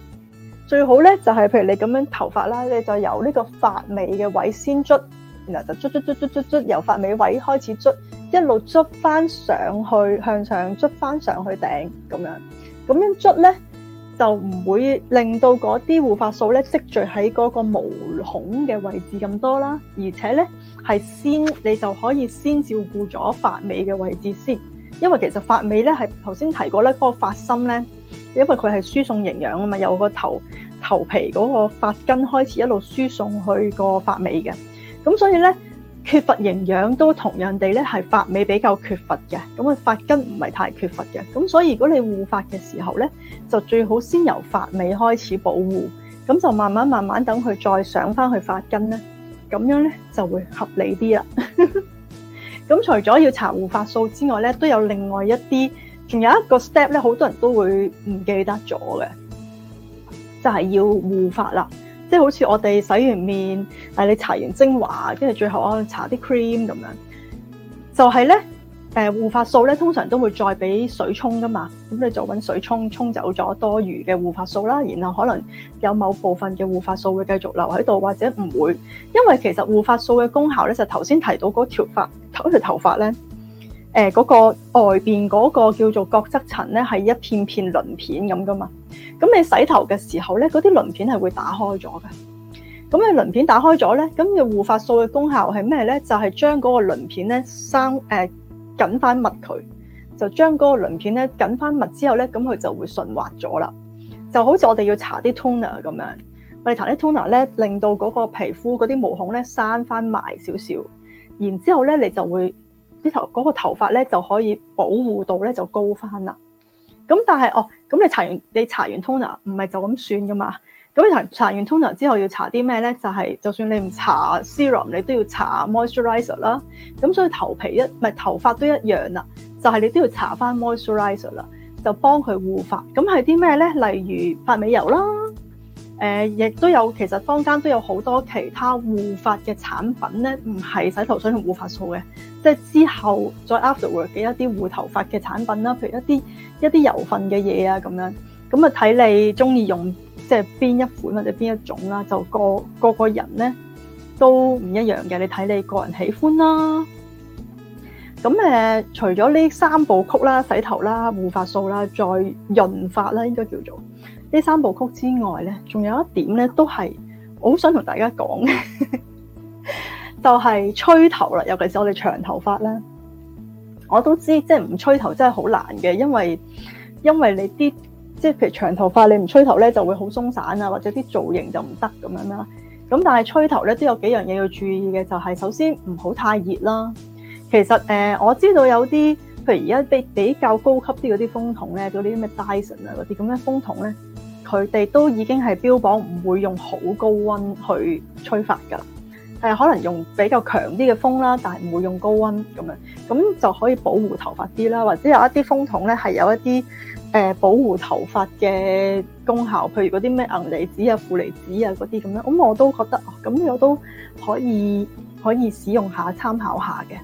最好咧就係譬如你咁樣頭髮啦，你就由呢個髮尾嘅位先捽，然後就捽捽捽捽捽捽，由髮尾位開始捽，一路捽翻上去，向上捽翻上去頂咁樣，咁樣捽咧就唔會令到嗰啲護髮素咧積聚喺嗰個毛孔嘅位置咁多啦，而且咧係先你就可以先照顧咗髮尾嘅位置先。因為其實髮尾咧係頭先提過咧，嗰個髮芯咧，因為佢係輸送營養啊嘛，由個頭頭皮嗰個髮根開始一路輸送去個髮尾嘅，咁所以咧缺乏營養都同樣哋咧係髮尾比較缺乏嘅，咁啊髮根唔係太缺乏嘅，咁所以如果你護髮嘅時候咧，就最好先由髮尾開始保護，咁就慢慢慢慢等佢再上返去髮根咧，咁樣咧就會合理啲啦。 [LAUGHS] 咁除咗要擦護髮素之外咧，都有另外一啲，仲有一個 step 呢，好多人都會唔記得咗嘅，就係、是、要護髮啦。即係好似我哋洗完面，你擦完精華，跟住最後我擦啲 cream 咁樣，就係、是誒護髮素咧，通常都會再俾水沖噶嘛，咁你就搵水沖沖走咗多餘嘅護髮素啦，然後可能有某部分嘅護髮素會繼續留喺度，或者唔會，因為其實護髮素嘅功效咧，就頭先提到嗰條髮嗰條頭髮咧，誒、呃、嗰、那個外邊嗰個叫做角質層咧，係一片片鱗片咁噶嘛，咁你洗頭嘅時候咧，嗰啲鱗片係會打開咗嘅，咁你鱗片打開咗咧，咁你護髮素嘅功效係咩咧？就係、是、將嗰個鱗片咧生誒。呃緊翻密佢，就將嗰個鱗片咧緊翻密之後咧，咁佢就會順滑咗啦。就好似我哋要搽啲 toner 咁樣，我哋搽啲 toner 咧，令到嗰個皮膚嗰啲毛孔咧，生翻埋少少，然之後咧，你就會啲頭嗰個頭髮咧就可以保護到咧就高翻啦。咁但係哦，咁你搽完你搽完 toner 唔係就咁算㗎嘛？咁搽搽完 toner 之後要搽啲咩咧？就係、是、就算你唔搽 serum，你都要搽 moisturizer 啦。咁所以頭皮一唔係頭髮都一樣、就是、啦，就係你都要搽翻 moisturizer 啦，就幫佢護髮。咁係啲咩咧？例如髮尾油啦，誒、呃、亦都有。其實坊間都有好多其他護髮嘅產品咧，唔係洗頭水同護髮素嘅，即、就、係、是、之後再 afterwork 嘅一啲護頭髮嘅產品啦，譬如一啲一啲油份嘅嘢啊咁樣。咁啊睇你中意用。即係邊一款或者邊一種啦，就個個個人咧都唔一樣嘅。你睇你個人喜歡啦。咁誒、呃，除咗呢三部曲啦，洗頭啦，護髮素啦，再潤髮啦，應該叫做呢三部曲之外咧，仲有一點咧都係我好想同大家講嘅， [LAUGHS] 就係吹頭啦。尤其是我哋長頭髮咧，我都知道即係唔吹頭真係好難嘅，因為因為你啲。即係譬如長頭髮，你唔吹頭咧就會好鬆散啊，或者啲造型就唔得咁樣啦。咁但係吹頭咧都有幾樣嘢要注意嘅，就係、是、首先唔好太熱啦。其實誒、呃，我知道有啲譬如而家比比較高級啲嗰啲風筒咧，嗰啲咩 Dyson 啊嗰啲咁嘅風筒咧，佢哋都已經係標榜唔會用好高溫去吹發噶。啦係可能用比較強啲嘅風啦，但係唔會用高溫咁樣，咁就可以保護頭髮啲啦。或者有一啲風筒咧係有一啲。誒、呃、保護頭髮嘅功效，譬如嗰啲咩銀離子啊、負離子啊嗰啲咁樣，咁我都覺得，咁我都可以可以使用下、參考下嘅，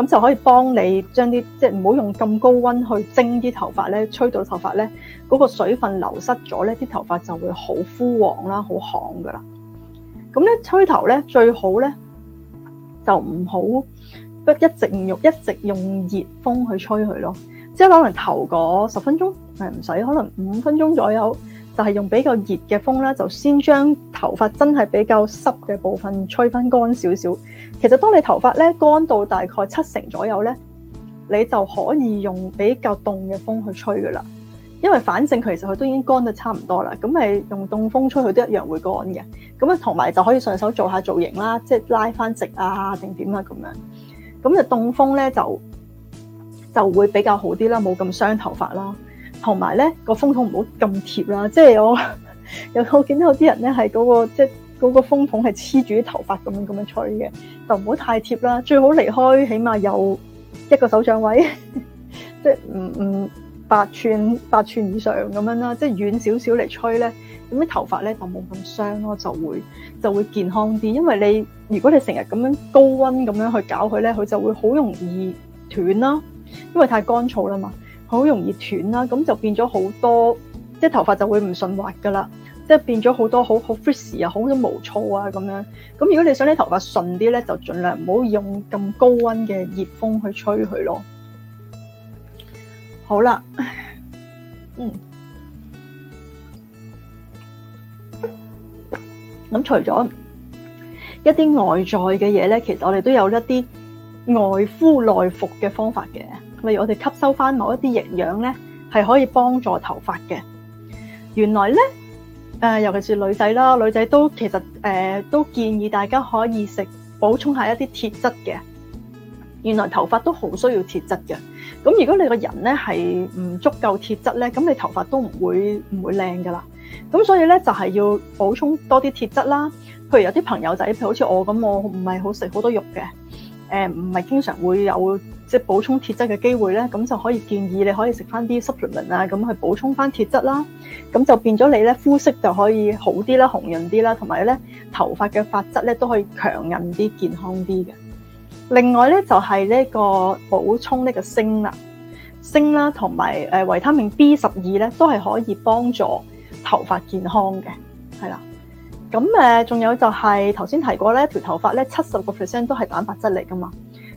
咁就可以幫你將啲即係唔好用咁高溫去蒸啲頭髮咧，吹到頭髮咧，嗰、那個水分流失咗咧，啲頭髮就會好枯黃啦、好乾噶啦。咁咧吹頭咧最好咧就唔好不要一直用一直用熱風去吹佢咯。即係可能頭嗰十分鐘誒，唔使，可能五分鐘左右就係、是、用比較熱嘅風咧，就先將頭髮真係比較濕嘅部分吹翻乾少少。其實當你頭髮咧乾到大概七成左右咧，你就可以用比較凍嘅風去吹噶啦。因為反正佢其實佢都已經乾得差唔多啦，咁咪用凍風吹佢都一樣會乾嘅。咁啊，同埋就可以上手做下造型啦，即係拉翻直啊，定點啊咁樣。咁就凍風咧就～就會比較好啲啦，冇咁傷頭髮啦。同埋咧，個風筒唔好咁貼啦。即係我有我見到有啲人咧、那個，係嗰個即係嗰個風筒係黐住啲頭髮咁樣咁樣吹嘅，就唔好太貼啦。最好離開，起碼有一個手掌位，即係唔唔八寸八寸以上咁樣啦。即係遠少少嚟吹咧，咁啲頭髮咧就冇咁傷咯，就會就會健康啲。因為你如果你成日咁樣高溫咁樣去搞佢咧，佢就會好容易斷啦。因為太乾燥啦嘛，好容易斷啦，咁就變咗好多，即係頭髮就會唔順滑噶啦，即係變咗好多好好 frizzy 啊，好多毛躁啊咁樣。咁如果你想你啲頭髮順啲咧，就盡量唔好用咁高温嘅熱風去吹佢咯。好啦，嗯，咁除咗一啲外在嘅嘢咧，其實我哋都有一啲。外敷內服嘅方法嘅，例如我哋吸收返某一啲營養咧，係可以幫助頭髮嘅。原來咧，誒、呃、尤其係女仔啦，女仔都其實誒、呃、都建議大家可以食補充一下一啲鐵質嘅。原來頭髮都好需要鐵質嘅。咁如果你個人咧係唔足夠鐵質咧，咁你頭髮都唔會唔會靚㗎喇。咁所以咧就係、是、要補充多啲鐵質啦。譬如有啲朋友仔，譬如好似我咁，我唔係好食好多肉嘅。誒，唔係經常會有即係補充鐵質嘅機會咧，咁就可以建議你可以食翻啲 supplement 啊，咁去補充翻鐵質啦，咁就變咗你咧膚色就可以好啲啦，紅潤啲啦，同埋咧頭髮嘅髮質咧都可以強韌啲、健康啲嘅。另外咧就係呢個補充呢個鋅啦、鋅啦，同埋誒維他命 B 十二咧，都係可以幫助頭髮健康嘅，係啦。咁誒，仲有就係頭先提過咧，條頭髮咧七十個 percent 都係蛋白質嚟噶嘛。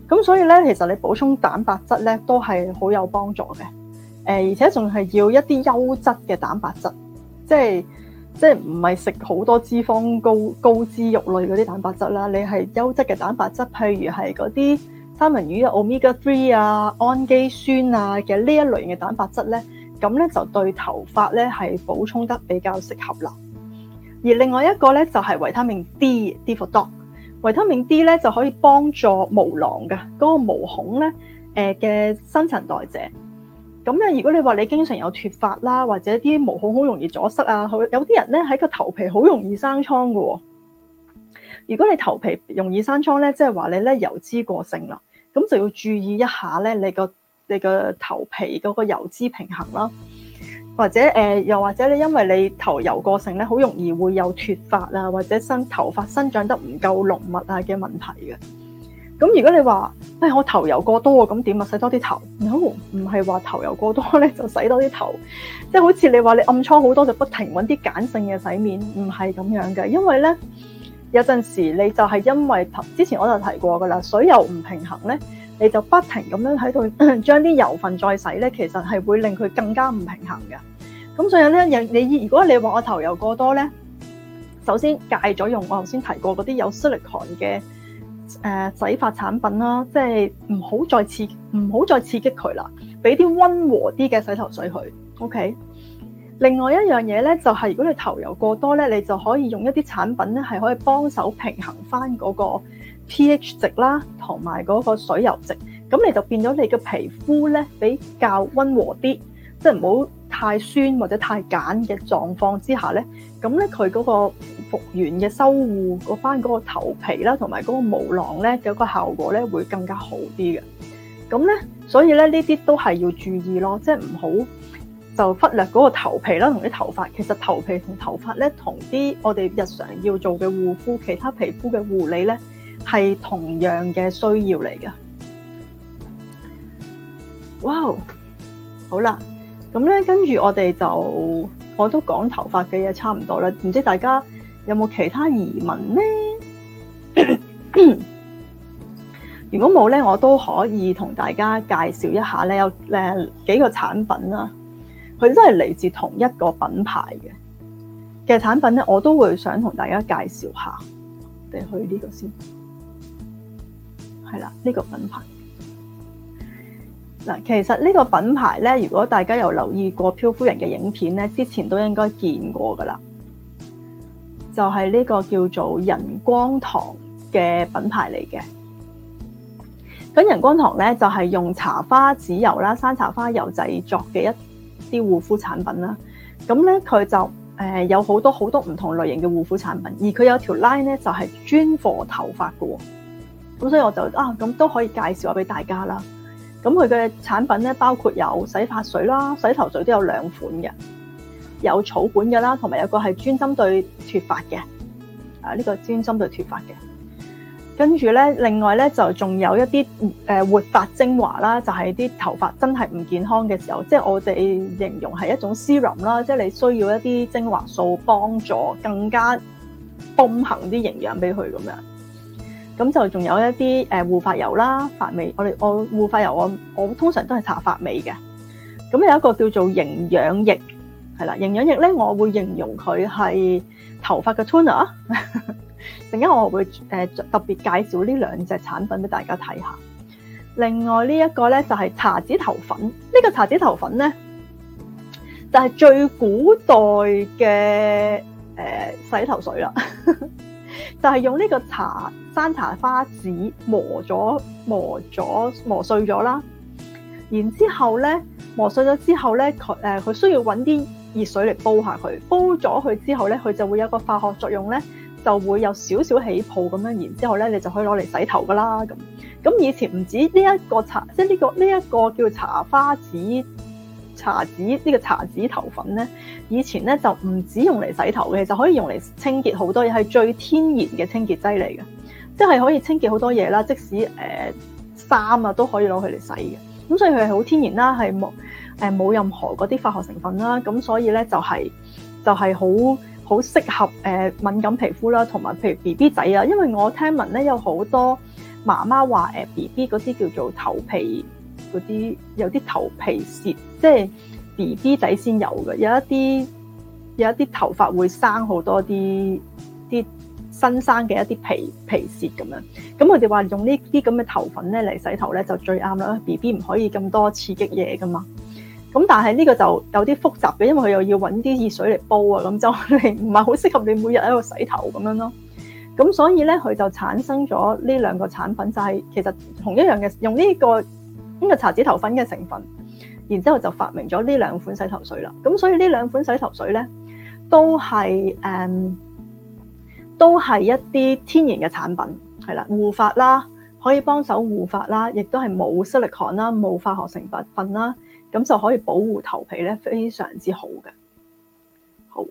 咁所以咧，其實你補充蛋白質咧都係好有幫助嘅。誒，而且仲係要一啲優質嘅蛋白質，即係即係唔係食好多脂肪高高脂肉類嗰啲蛋白質啦。你係優質嘅蛋白質，譬如係嗰啲三文魚啊、omega three 啊、氨基酸啊嘅呢一類嘅蛋白質咧，咁咧就對頭髮咧係補充得比較適合啦。而另外一個咧就係維他命 D，D for dog，維他命 D 咧就可以幫助毛囊嘅嗰個毛孔咧，誒嘅新陳代謝。咁咧，如果你話你經常有脫髮啦，或者啲毛孔好容易阻塞啊，佢有啲人咧喺個頭皮好容易生瘡嘅。如果你頭皮容易生瘡咧，即係話你咧油脂過盛啦，咁就要注意一下咧，你個你個頭皮嗰個油脂平衡啦。或者誒、呃，又或者你因為你頭油過盛呢，咧，好容易會有脫髮啊，或者生頭髮生長得唔夠濃密啊嘅問題嘅。咁如果你話，誒、哎、我頭油過多咁點啊，洗多啲頭？No，唔係話頭油過多咧就洗多啲頭，即、就、係、是、好似你話你暗瘡好多就不停揾啲鹼性嘅洗面，唔係咁樣嘅。因為咧有陣時你就係因為頭之前我就提過噶啦，水油唔平衡咧。你就不停咁樣喺度將啲油份再洗咧，其實係會令佢更加唔平衡嘅。咁所以咧，有你如果你話我頭油過多咧，首先戒咗用我頭先提過嗰啲有 silicone 嘅誒、呃、洗髮產品啦，即係唔好再刺唔好再刺激佢啦，俾啲温和啲嘅洗頭水佢。OK。另外一樣嘢咧，就係、是、如果你頭油過多咧，你就可以用一啲產品咧，係可以幫手平衡翻、那、嗰個。pH 值啦，同埋嗰個水油值，咁你就變咗你嘅皮膚咧比較温和啲，即係唔好太酸或者太鹼嘅狀況之下咧，咁咧佢嗰個復原嘅修護嗰返嗰個頭皮啦，同埋嗰個毛囊咧嘅個效果咧會更加好啲嘅。咁咧，所以咧呢啲都係要注意咯，即係唔好就忽略嗰個頭皮啦同啲頭髮。其實頭皮同頭髮咧同啲我哋日常要做嘅護膚其他皮膚嘅護理咧，係同樣嘅需要嚟噶，哇、wow！好啦，咁咧跟住我哋就我都講頭髮嘅嘢差唔多啦。唔知大家有冇其他疑問咧？ [COUGHS] 如果冇咧，我都可以同大家介紹一下咧，有誒幾個產品啦、啊，佢都係嚟自同一個品牌嘅嘅產品咧，我都會想同大家介紹下。我哋去呢度先。係啦，呢、這個品牌嗱，其實呢個品牌咧，如果大家有留意過漂夫人嘅影片咧，之前都應該見過噶啦，就係、是、呢個叫做人光堂嘅品牌嚟嘅。咁人光堂咧就係、是、用茶花籽油啦、山茶花油製作嘅一啲護膚產品啦。咁咧佢就誒，有好多好多唔同類型嘅護膚產品，而佢有一條 line 咧，就係專做頭髮噶。咁所以我就啊咁都可以介紹下俾大家啦。咁佢嘅產品咧，包括有洗髮水啦、洗頭水都有兩款嘅，有草本嘅啦，同埋有個係專針對脫髮嘅。啊，呢、這個專針對脫髮嘅。跟住咧，另外咧就仲有一啲、呃、活髮精華啦，就係、是、啲頭髮真係唔健康嘅時候，即、就、係、是、我哋形容係一種 serum 啦，即、就、係、是、你需要一啲精華素幫助更加泵行啲營養俾佢咁樣。咁就仲有一啲誒護髮油啦，髮尾。我哋我護髮油我、我我通常都係搽髮尾嘅，咁有一個叫做營養液，係啦，營養液咧，我會形容佢係頭髮嘅 tuner。陣 [LAUGHS] 間我會特別介紹呢兩隻產品俾大家睇下。另外呢一個咧就係、是、茶籽頭粉。呢、這個茶籽頭粉咧就係、是、最古代嘅、呃、洗頭水啦。 [LAUGHS] 就係用呢個茶山茶花籽磨咗磨咗磨碎咗啦，然之後咧磨碎咗之後咧，佢誒佢需要揾啲熱水嚟煲下佢，煲咗佢之後咧佢就會有個化學作用咧，就會有少少起泡咁樣，然之後咧你就可以攞嚟洗頭噶啦咁，咁以前唔止呢一個茶，即係呢個呢一個叫茶花籽。茶籽呢、這個茶籽頭粉咧，以前咧就唔止用嚟洗頭嘅，就可以用嚟清潔好多嘢，係最天然嘅清潔劑嚟嘅，即係可以清潔好多嘢啦。即使誒衫啊都可以攞佢嚟洗嘅，咁所以佢係好天然啦，係冇誒冇任何嗰啲化學成分啦。咁所以咧就係、是、就係好好適合誒、呃、敏感皮膚啦，同埋譬如 BB 仔啊，因為我聽聞咧有好多媽媽話誒 BB 嗰啲叫做頭皮。有啲有啲頭皮屑，即係 B B 仔先有嘅。有一啲有一啲頭髮會生好多啲啲新生嘅一啲皮皮屑咁樣。咁佢哋話用呢啲咁嘅頭粉咧嚟洗頭咧就最啱啦。B B 唔可以咁多刺激嘢噶嘛。咁但係呢個就有啲複雜嘅，因為佢又要搵啲熱水嚟煲啊，咁就你唔係好適合你每日喺度洗頭咁樣咯。咁所以咧佢就產生咗呢兩個產品就係、是、其實同一樣嘅，用呢、這個。呢個茶籽頭粉嘅成分，然之後就發明咗呢兩款洗頭水啦。咁所以呢兩款洗頭水咧，都係誒、嗯，都係一啲天然嘅產品係啦，護髮啦，可以幫手護髮啦，亦都係冇 silicone 啦，冇化學成分啦，咁就可以保護頭皮咧，非常之好嘅。好，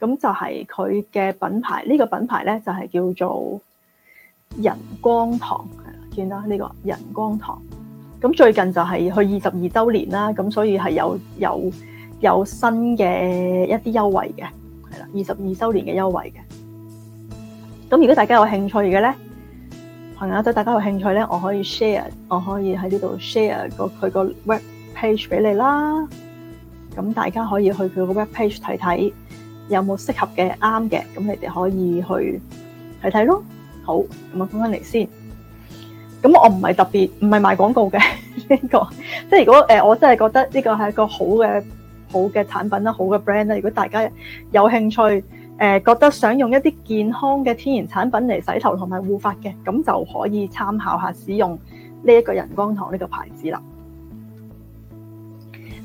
咁就係佢嘅品牌，呢、這個品牌咧就係、是、叫做仁光堂，見到呢、這個仁光堂。咁最近就係去二十二周年啦，咁所以係有有有新嘅一啲優惠嘅，係啦，二十二周年嘅優惠嘅。咁如果大家有興趣嘅咧，朋友即大家有興趣咧，我可以 share，我可以喺呢度 share 個佢個 web page 俾你啦。咁大家可以去佢個 web page 睇睇，有冇適合嘅啱嘅，咁你哋可以去睇睇咯。好，咁我講翻嚟先來。咁我唔係特別，唔係賣廣告嘅呢、這個。即係如果誒、呃，我真係覺得呢個係一個好嘅好嘅產品啦，好嘅 brand 啦。如果大家有興趣，誒、呃、覺得想用一啲健康嘅天然產品嚟洗頭同埋護髮嘅，咁就可以參考下使用呢一個人光堂呢個牌子啦。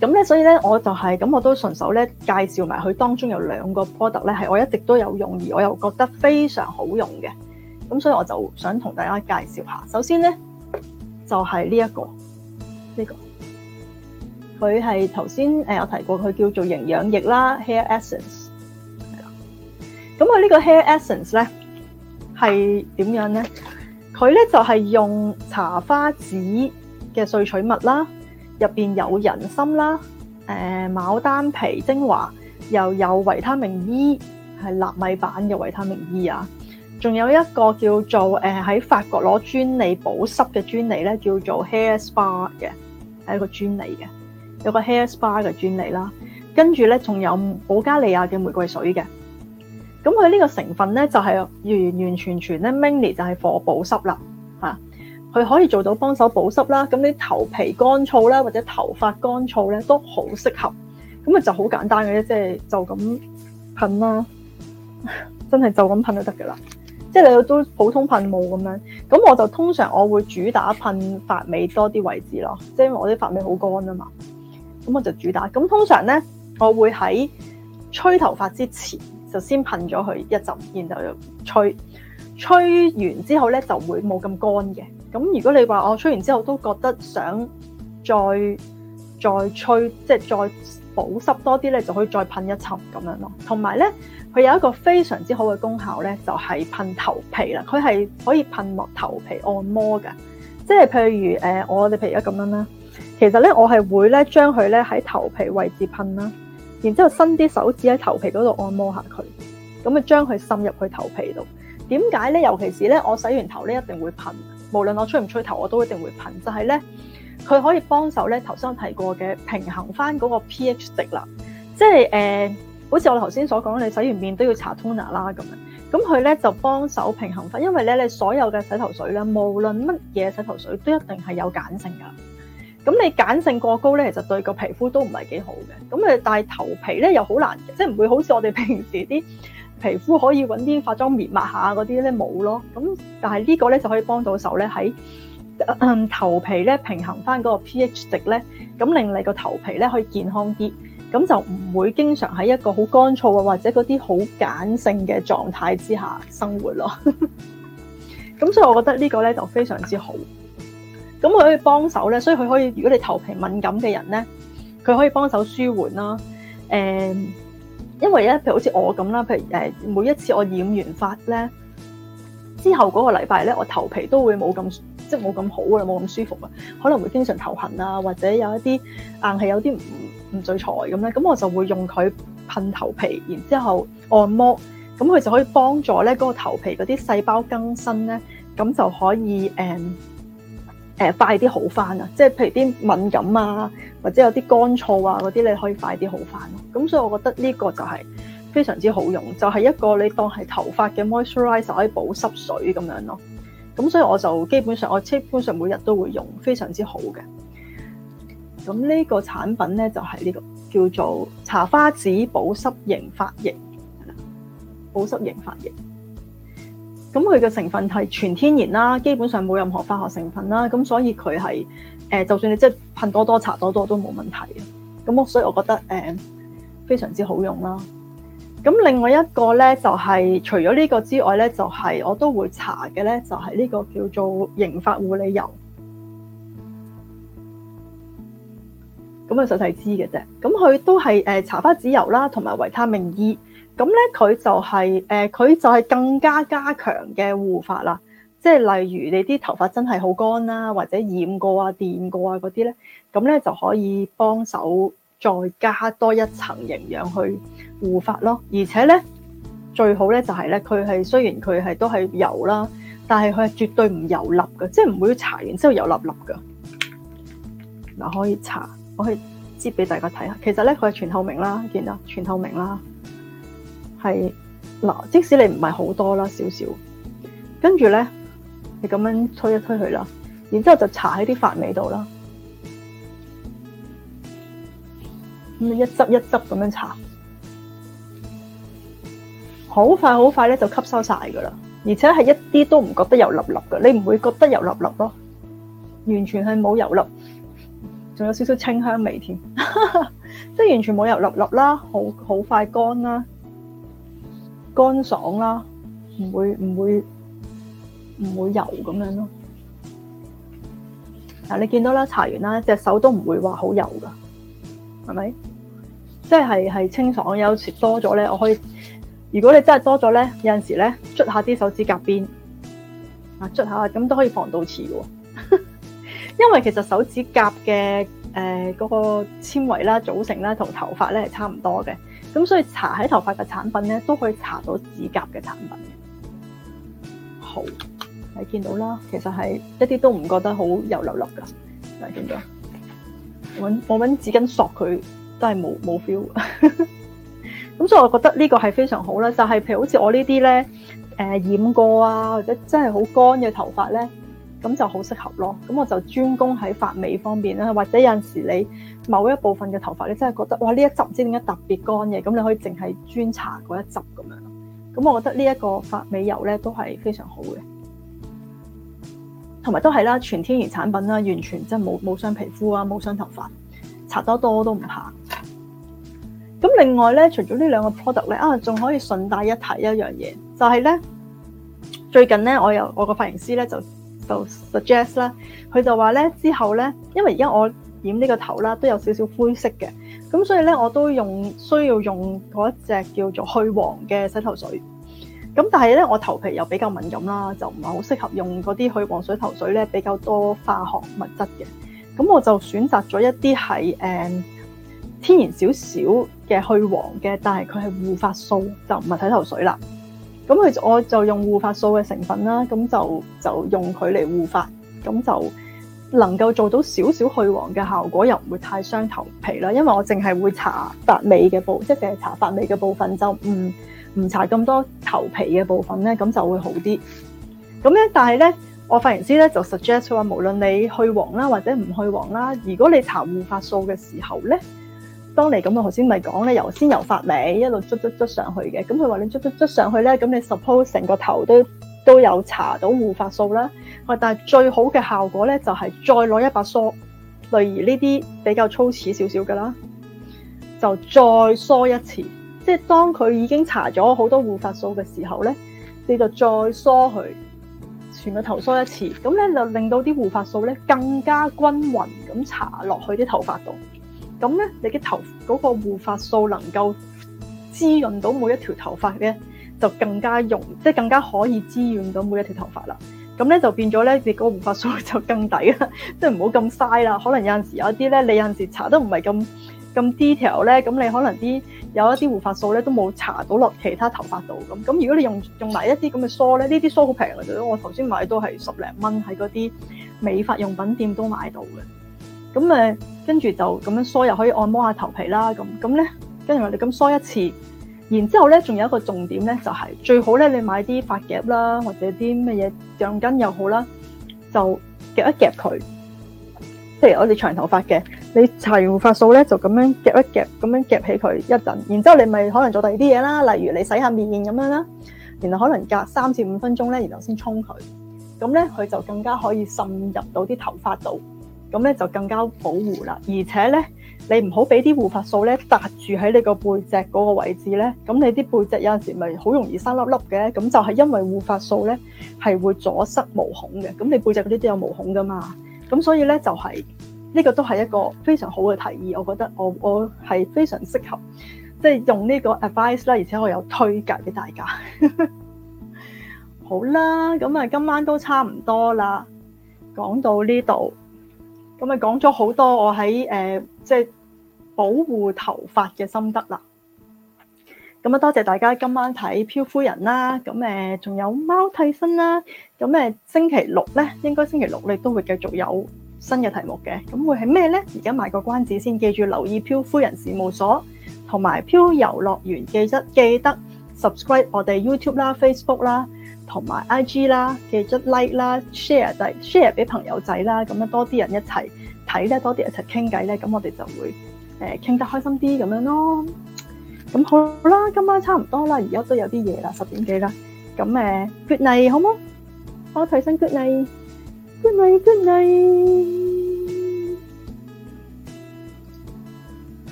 咁咧，所以咧，我就係、是、咁，我都順手咧介紹埋佢當中有兩個 product 咧，係我一直都有用而我又覺得非常好用嘅。咁所以我就想同大家介紹下，首先咧就係呢一個呢個，佢係頭先誒我提過，佢叫做營養液啦，Hair Essence。係啦，咁佢呢個 Hair Essence 咧係點樣咧？佢咧就係、是、用茶花籽嘅萃取物啦，入邊有人參啦，誒、呃、牡丹皮精華，又有維他命 E，係納米版嘅維他命 E 啊。仲有一個叫做誒喺、呃、法國攞專利保濕嘅專利咧，叫做 Hair Spa 嘅，係一個專利嘅，有個 Hair Spa 嘅專利啦。跟住咧，仲有保加利亞嘅玫瑰水嘅。咁佢呢個成分咧就係、是、完完全全咧 mainly 就係 for 保濕啦嚇。佢、啊、可以做到幫手保濕啦。咁你頭皮乾燥啦，或者頭髮乾燥咧，都好適合。咁啊就好簡單嘅啫，即係就咁、是、噴啦，真係就咁噴就得噶啦。即係你都普通噴霧咁樣，咁我就通常我會主打噴髮尾多啲位置咯，即係因為我啲髮尾好乾啊嘛，咁我就主打。咁通常咧，我會喺吹頭髮之前就先噴咗佢一陣，然後又吹，吹完之後咧就會冇咁乾嘅。咁如果你話我、哦、吹完之後都覺得想再再吹，即係再保濕多啲咧，就可以再噴一層咁樣咯。同埋咧。佢有一個非常之好嘅功效咧，就係噴頭皮啦。佢係可以噴落頭皮按摩嘅，即係譬如誒，我哋譬如而家咁樣啦。其實咧，我係會咧將佢咧喺頭皮位置噴啦，然之後伸啲手指喺頭皮嗰度按摩下佢，咁啊將佢滲入去頭皮度。點解咧？尤其是咧，我洗完頭咧一定會噴，無論我吹唔吹頭，我都一定會噴。就係咧，佢可以幫手咧頭先我提過嘅平衡翻嗰個 pH 值啦，即係誒。呃好似我頭先所講，你洗完面都要擦 toner 啦咁樣，咁佢咧就幫手平衡翻，因為咧你所有嘅洗頭水咧，無論乜嘢洗頭水都一定係有鹼性噶。咁你鹼性過高咧，其實對個皮膚都唔係幾好嘅。咁誒，但係頭皮咧又好難，即係唔會好似我哋平時啲皮膚可以揾啲化妝棉抹下嗰啲咧冇咯。咁但係呢個咧就可以幫到手咧喺、呃、頭皮咧平衡翻嗰個 pH 值咧，咁令你個頭皮咧可以健康啲。咁就唔會經常喺一個好乾燥啊，或者嗰啲好鹼性嘅狀態之下生活咯。咁 [LAUGHS] 所以，我覺得這個呢個咧就非常之好。咁佢可以幫手咧，所以佢可以，如果你頭皮敏感嘅人咧，佢可以幫手舒緩啦。誒、嗯，因為咧，譬如好似我咁啦，譬如誒，每一次我染完髮咧之後嗰個禮拜咧，我頭皮都會冇咁即冇咁好啊，冇咁舒服啊，可能會經常頭痕啊，或者有一啲硬係有啲唔～唔聚財咁咧，咁我就會用佢噴頭皮，然之後按摩，咁佢就可以幫助咧嗰、那個頭皮嗰啲細胞更新咧，咁就可以誒誒、嗯嗯嗯、快啲好返啊！即係譬如啲敏感啊，或者有啲乾燥啊嗰啲，你可以快啲好返咯。咁所以我覺得呢個就係非常之好用，就係、是、一個你當係頭髮嘅 moisturizer 可以保濕水咁樣咯。咁所以我就基本上我基本上每日都會用，非常之好嘅。咁呢個產品咧就係、是、呢、這個叫做茶花籽保濕型髮型，保濕型髮型。咁佢嘅成分係全天然啦，基本上冇任何化學成分啦，咁所以佢係誒就算你即係噴多多，搽多多都冇問題。咁我所以我覺得誒、嗯、非常之好用啦。咁另外一個咧就係、是、除咗呢個之外咧，就係、是、我都會搽嘅咧，就係、是、呢個叫做型髮護理油。咁啊，實體知嘅啫。咁佢都係茶花籽油啦，同埋維他命 E、就是。咁咧，佢就係佢就係更加加強嘅護髮啦。即係例如你啲頭髮真係好乾啦，或者染過啊、電過啊嗰啲咧，咁咧就可以幫手再加多一層營養去護髮咯。而且咧最好咧就係咧，佢係雖然佢係都係油啦，但係佢係絕對唔油粒㗎，即係唔會搽完之後油粒粒噶嗱，可以搽。我去擠俾大家睇下，其實咧佢係全透明啦，見到，全透明啦，係嗱，即使你唔係好多啦，少少，跟住咧，你咁樣吹一吹佢啦，然之後就搽喺啲髮尾度啦，咁你一執一執咁樣搽，好快好快咧就吸收晒噶啦，而且係一啲都唔覺得油粒粒㗎。你唔會覺得油粒粒咯，完全係冇油粒。仲有少少清香味添，即係完全冇油粒粒啦，好好快乾啦，乾爽啦，唔會唔會唔會油咁樣咯。嗱、啊，你見到啦，搽完啦，隻手都唔會話好油㗎，係咪？即係係清爽。有時候多咗呢，我可以，如果你真係多咗呢，有陣時咧，捽下啲手指甲邊啊，捽下咁都可以防到刺喎。因為其實手指甲嘅，誒嗰個纖維啦組成啦，同頭髮咧係差唔多嘅，咁所以搽喺頭髮嘅產品咧都可以搽到指甲嘅產品嘅。好，你見到啦，其實係一啲都唔覺得好油立立噶。你見到，搵我搵紙巾索佢都係冇冇 feel。咁 fe [LAUGHS] 所以我覺得呢個係非常好啦。就係、是、譬如好似我這些呢啲咧，誒、呃、染過啊或者真係好乾嘅頭髮咧。咁就好適合咯。咁我就專攻喺髮尾方面啦，或者有陣時你某一部分嘅頭髮，你真係覺得哇呢一執唔知點解特別乾嘅，咁你可以淨係專查嗰一執咁樣。咁我覺得呢一個髮尾油咧都係非常好嘅，同埋都係啦，全天然產品啦，完全真係冇冇傷皮膚啊，冇傷頭髮，擦多多都唔怕。咁另外咧，除咗呢兩個 product 咧啊，仲可以順帶一提一樣嘢，就係咧最近咧，我有我個髮型師咧就。Suggest, 佢就 suggest 啦，佢就話咧之後咧，因為而家我染呢個頭啦，都有少少灰色嘅，咁所以咧我都用需要用嗰隻叫做去黃嘅洗頭水，咁但係咧我頭皮又比較敏感啦，就唔係好適合用嗰啲去黃水頭水咧，比較多化學物質嘅，咁我就選擇咗一啲係誒天然少少嘅去黃嘅，但係佢係護髮素就唔係洗頭水啦。咁佢我就用護髮素嘅成分啦，咁就就用佢嚟護髮，咁就能夠做到少少去黃嘅效果，又唔會太傷頭皮啦。因為我淨係會搽髮尾嘅部，即係淨係搽髮尾嘅部分就唔唔搽咁多頭皮嘅部分咧，咁就會好啲。咁咧，但係咧，我髮型師咧就 suggest 話，無論你去黃啦或者唔去黃啦，如果你搽護髮素嘅時候咧。當嚟咁，我頭先咪講咧，由先由髮尾一路捽捽捽上去嘅。咁佢話你捽捽捽上去咧，咁你 suppose 成個頭都都有搽到護髮素啦。我話但係最好嘅效果咧，就係、是、再攞一把梳，例如呢啲比較粗齒少少㗎啦，就再梳一次。即係當佢已經搽咗好多護髮素嘅時候咧，你就再梳佢全個頭梳一次。咁咧就令到啲護髮素咧更加均勻咁搽落去啲頭髮度。咁咧，你嘅頭嗰個護髮素能夠滋潤到每一條頭髮嘅，就更加容，即係更加可以滋潤到每一條頭髮啦。咁咧就變咗咧，你個護髮素就更抵啦，即係唔好咁嘥啦。可能有陣時有一啲咧，你有陣時搽得唔係咁咁 detail 咧，咁你可能啲有一啲護髮素咧都冇搽到落其他頭髮度咁。咁如果你用用埋一啲咁嘅梳咧，呢啲梳好平嘅，我頭先買都係十零蚊喺嗰啲美髮用品店都買到嘅。咁誒，跟住就咁樣梳，又可以按摩下頭皮啦。咁咁咧，跟住我哋咁梳一次，然之後咧，仲有一個重點咧，就係最好咧，你買啲髮夾啦，或者啲乜嘢橡筋又好啦，就夾一夾佢。譬如我哋長頭髮嘅，你擦完護髮素咧，就咁樣夾一夾，咁樣夾起佢一陣，然之後你咪可能做第二啲嘢啦，例如你洗下面咁樣啦，然後可能隔三至五分鐘咧，然後先沖佢，咁咧佢就更加可以滲入到啲頭髮度。咁咧就更加保護啦，而且咧你唔好俾啲護髮素咧搭住喺你個背脊嗰個位置咧，咁你啲背脊有陣時咪好容易生粒粒嘅，咁就係因為護髮素咧係會阻塞毛孔嘅，咁你背脊嗰啲都有毛孔噶嘛，咁所以咧就係呢個都係一個非常好嘅提議，我覺得我我係非常適合，即係用呢個 advice 啦，而且我有推介俾大家。 [LAUGHS] 好啦，咁啊今晚都差唔多啦，講到呢度。咁咪講咗好多我喺誒即係保護頭髮嘅心得啦。咁啊，多謝大家今晚睇《漂夫人》啦，咁誒仲有《貓替身》啦。咁誒星期六咧，應該星期六你都會繼續有新嘅題目嘅。咁會係咩咧？而家賣個關子先，記住留意《漂夫人事務所》同埋《漂遊樂園》，記得，記得 subscribe 我哋 YouTube 啦、Facebook 啦。同埋 ig 啦嘅 ju like 啦 share 就 share 俾朋友仔啦咁樣多啲人一齊睇咧多啲人一齊傾偈咧咁我哋就會誒、呃、傾得開心啲咁樣咯咁好啦今晚差唔多啦而家都有啲夜啦十點幾啦咁誒 good night 好唔好我提身 good night good night good night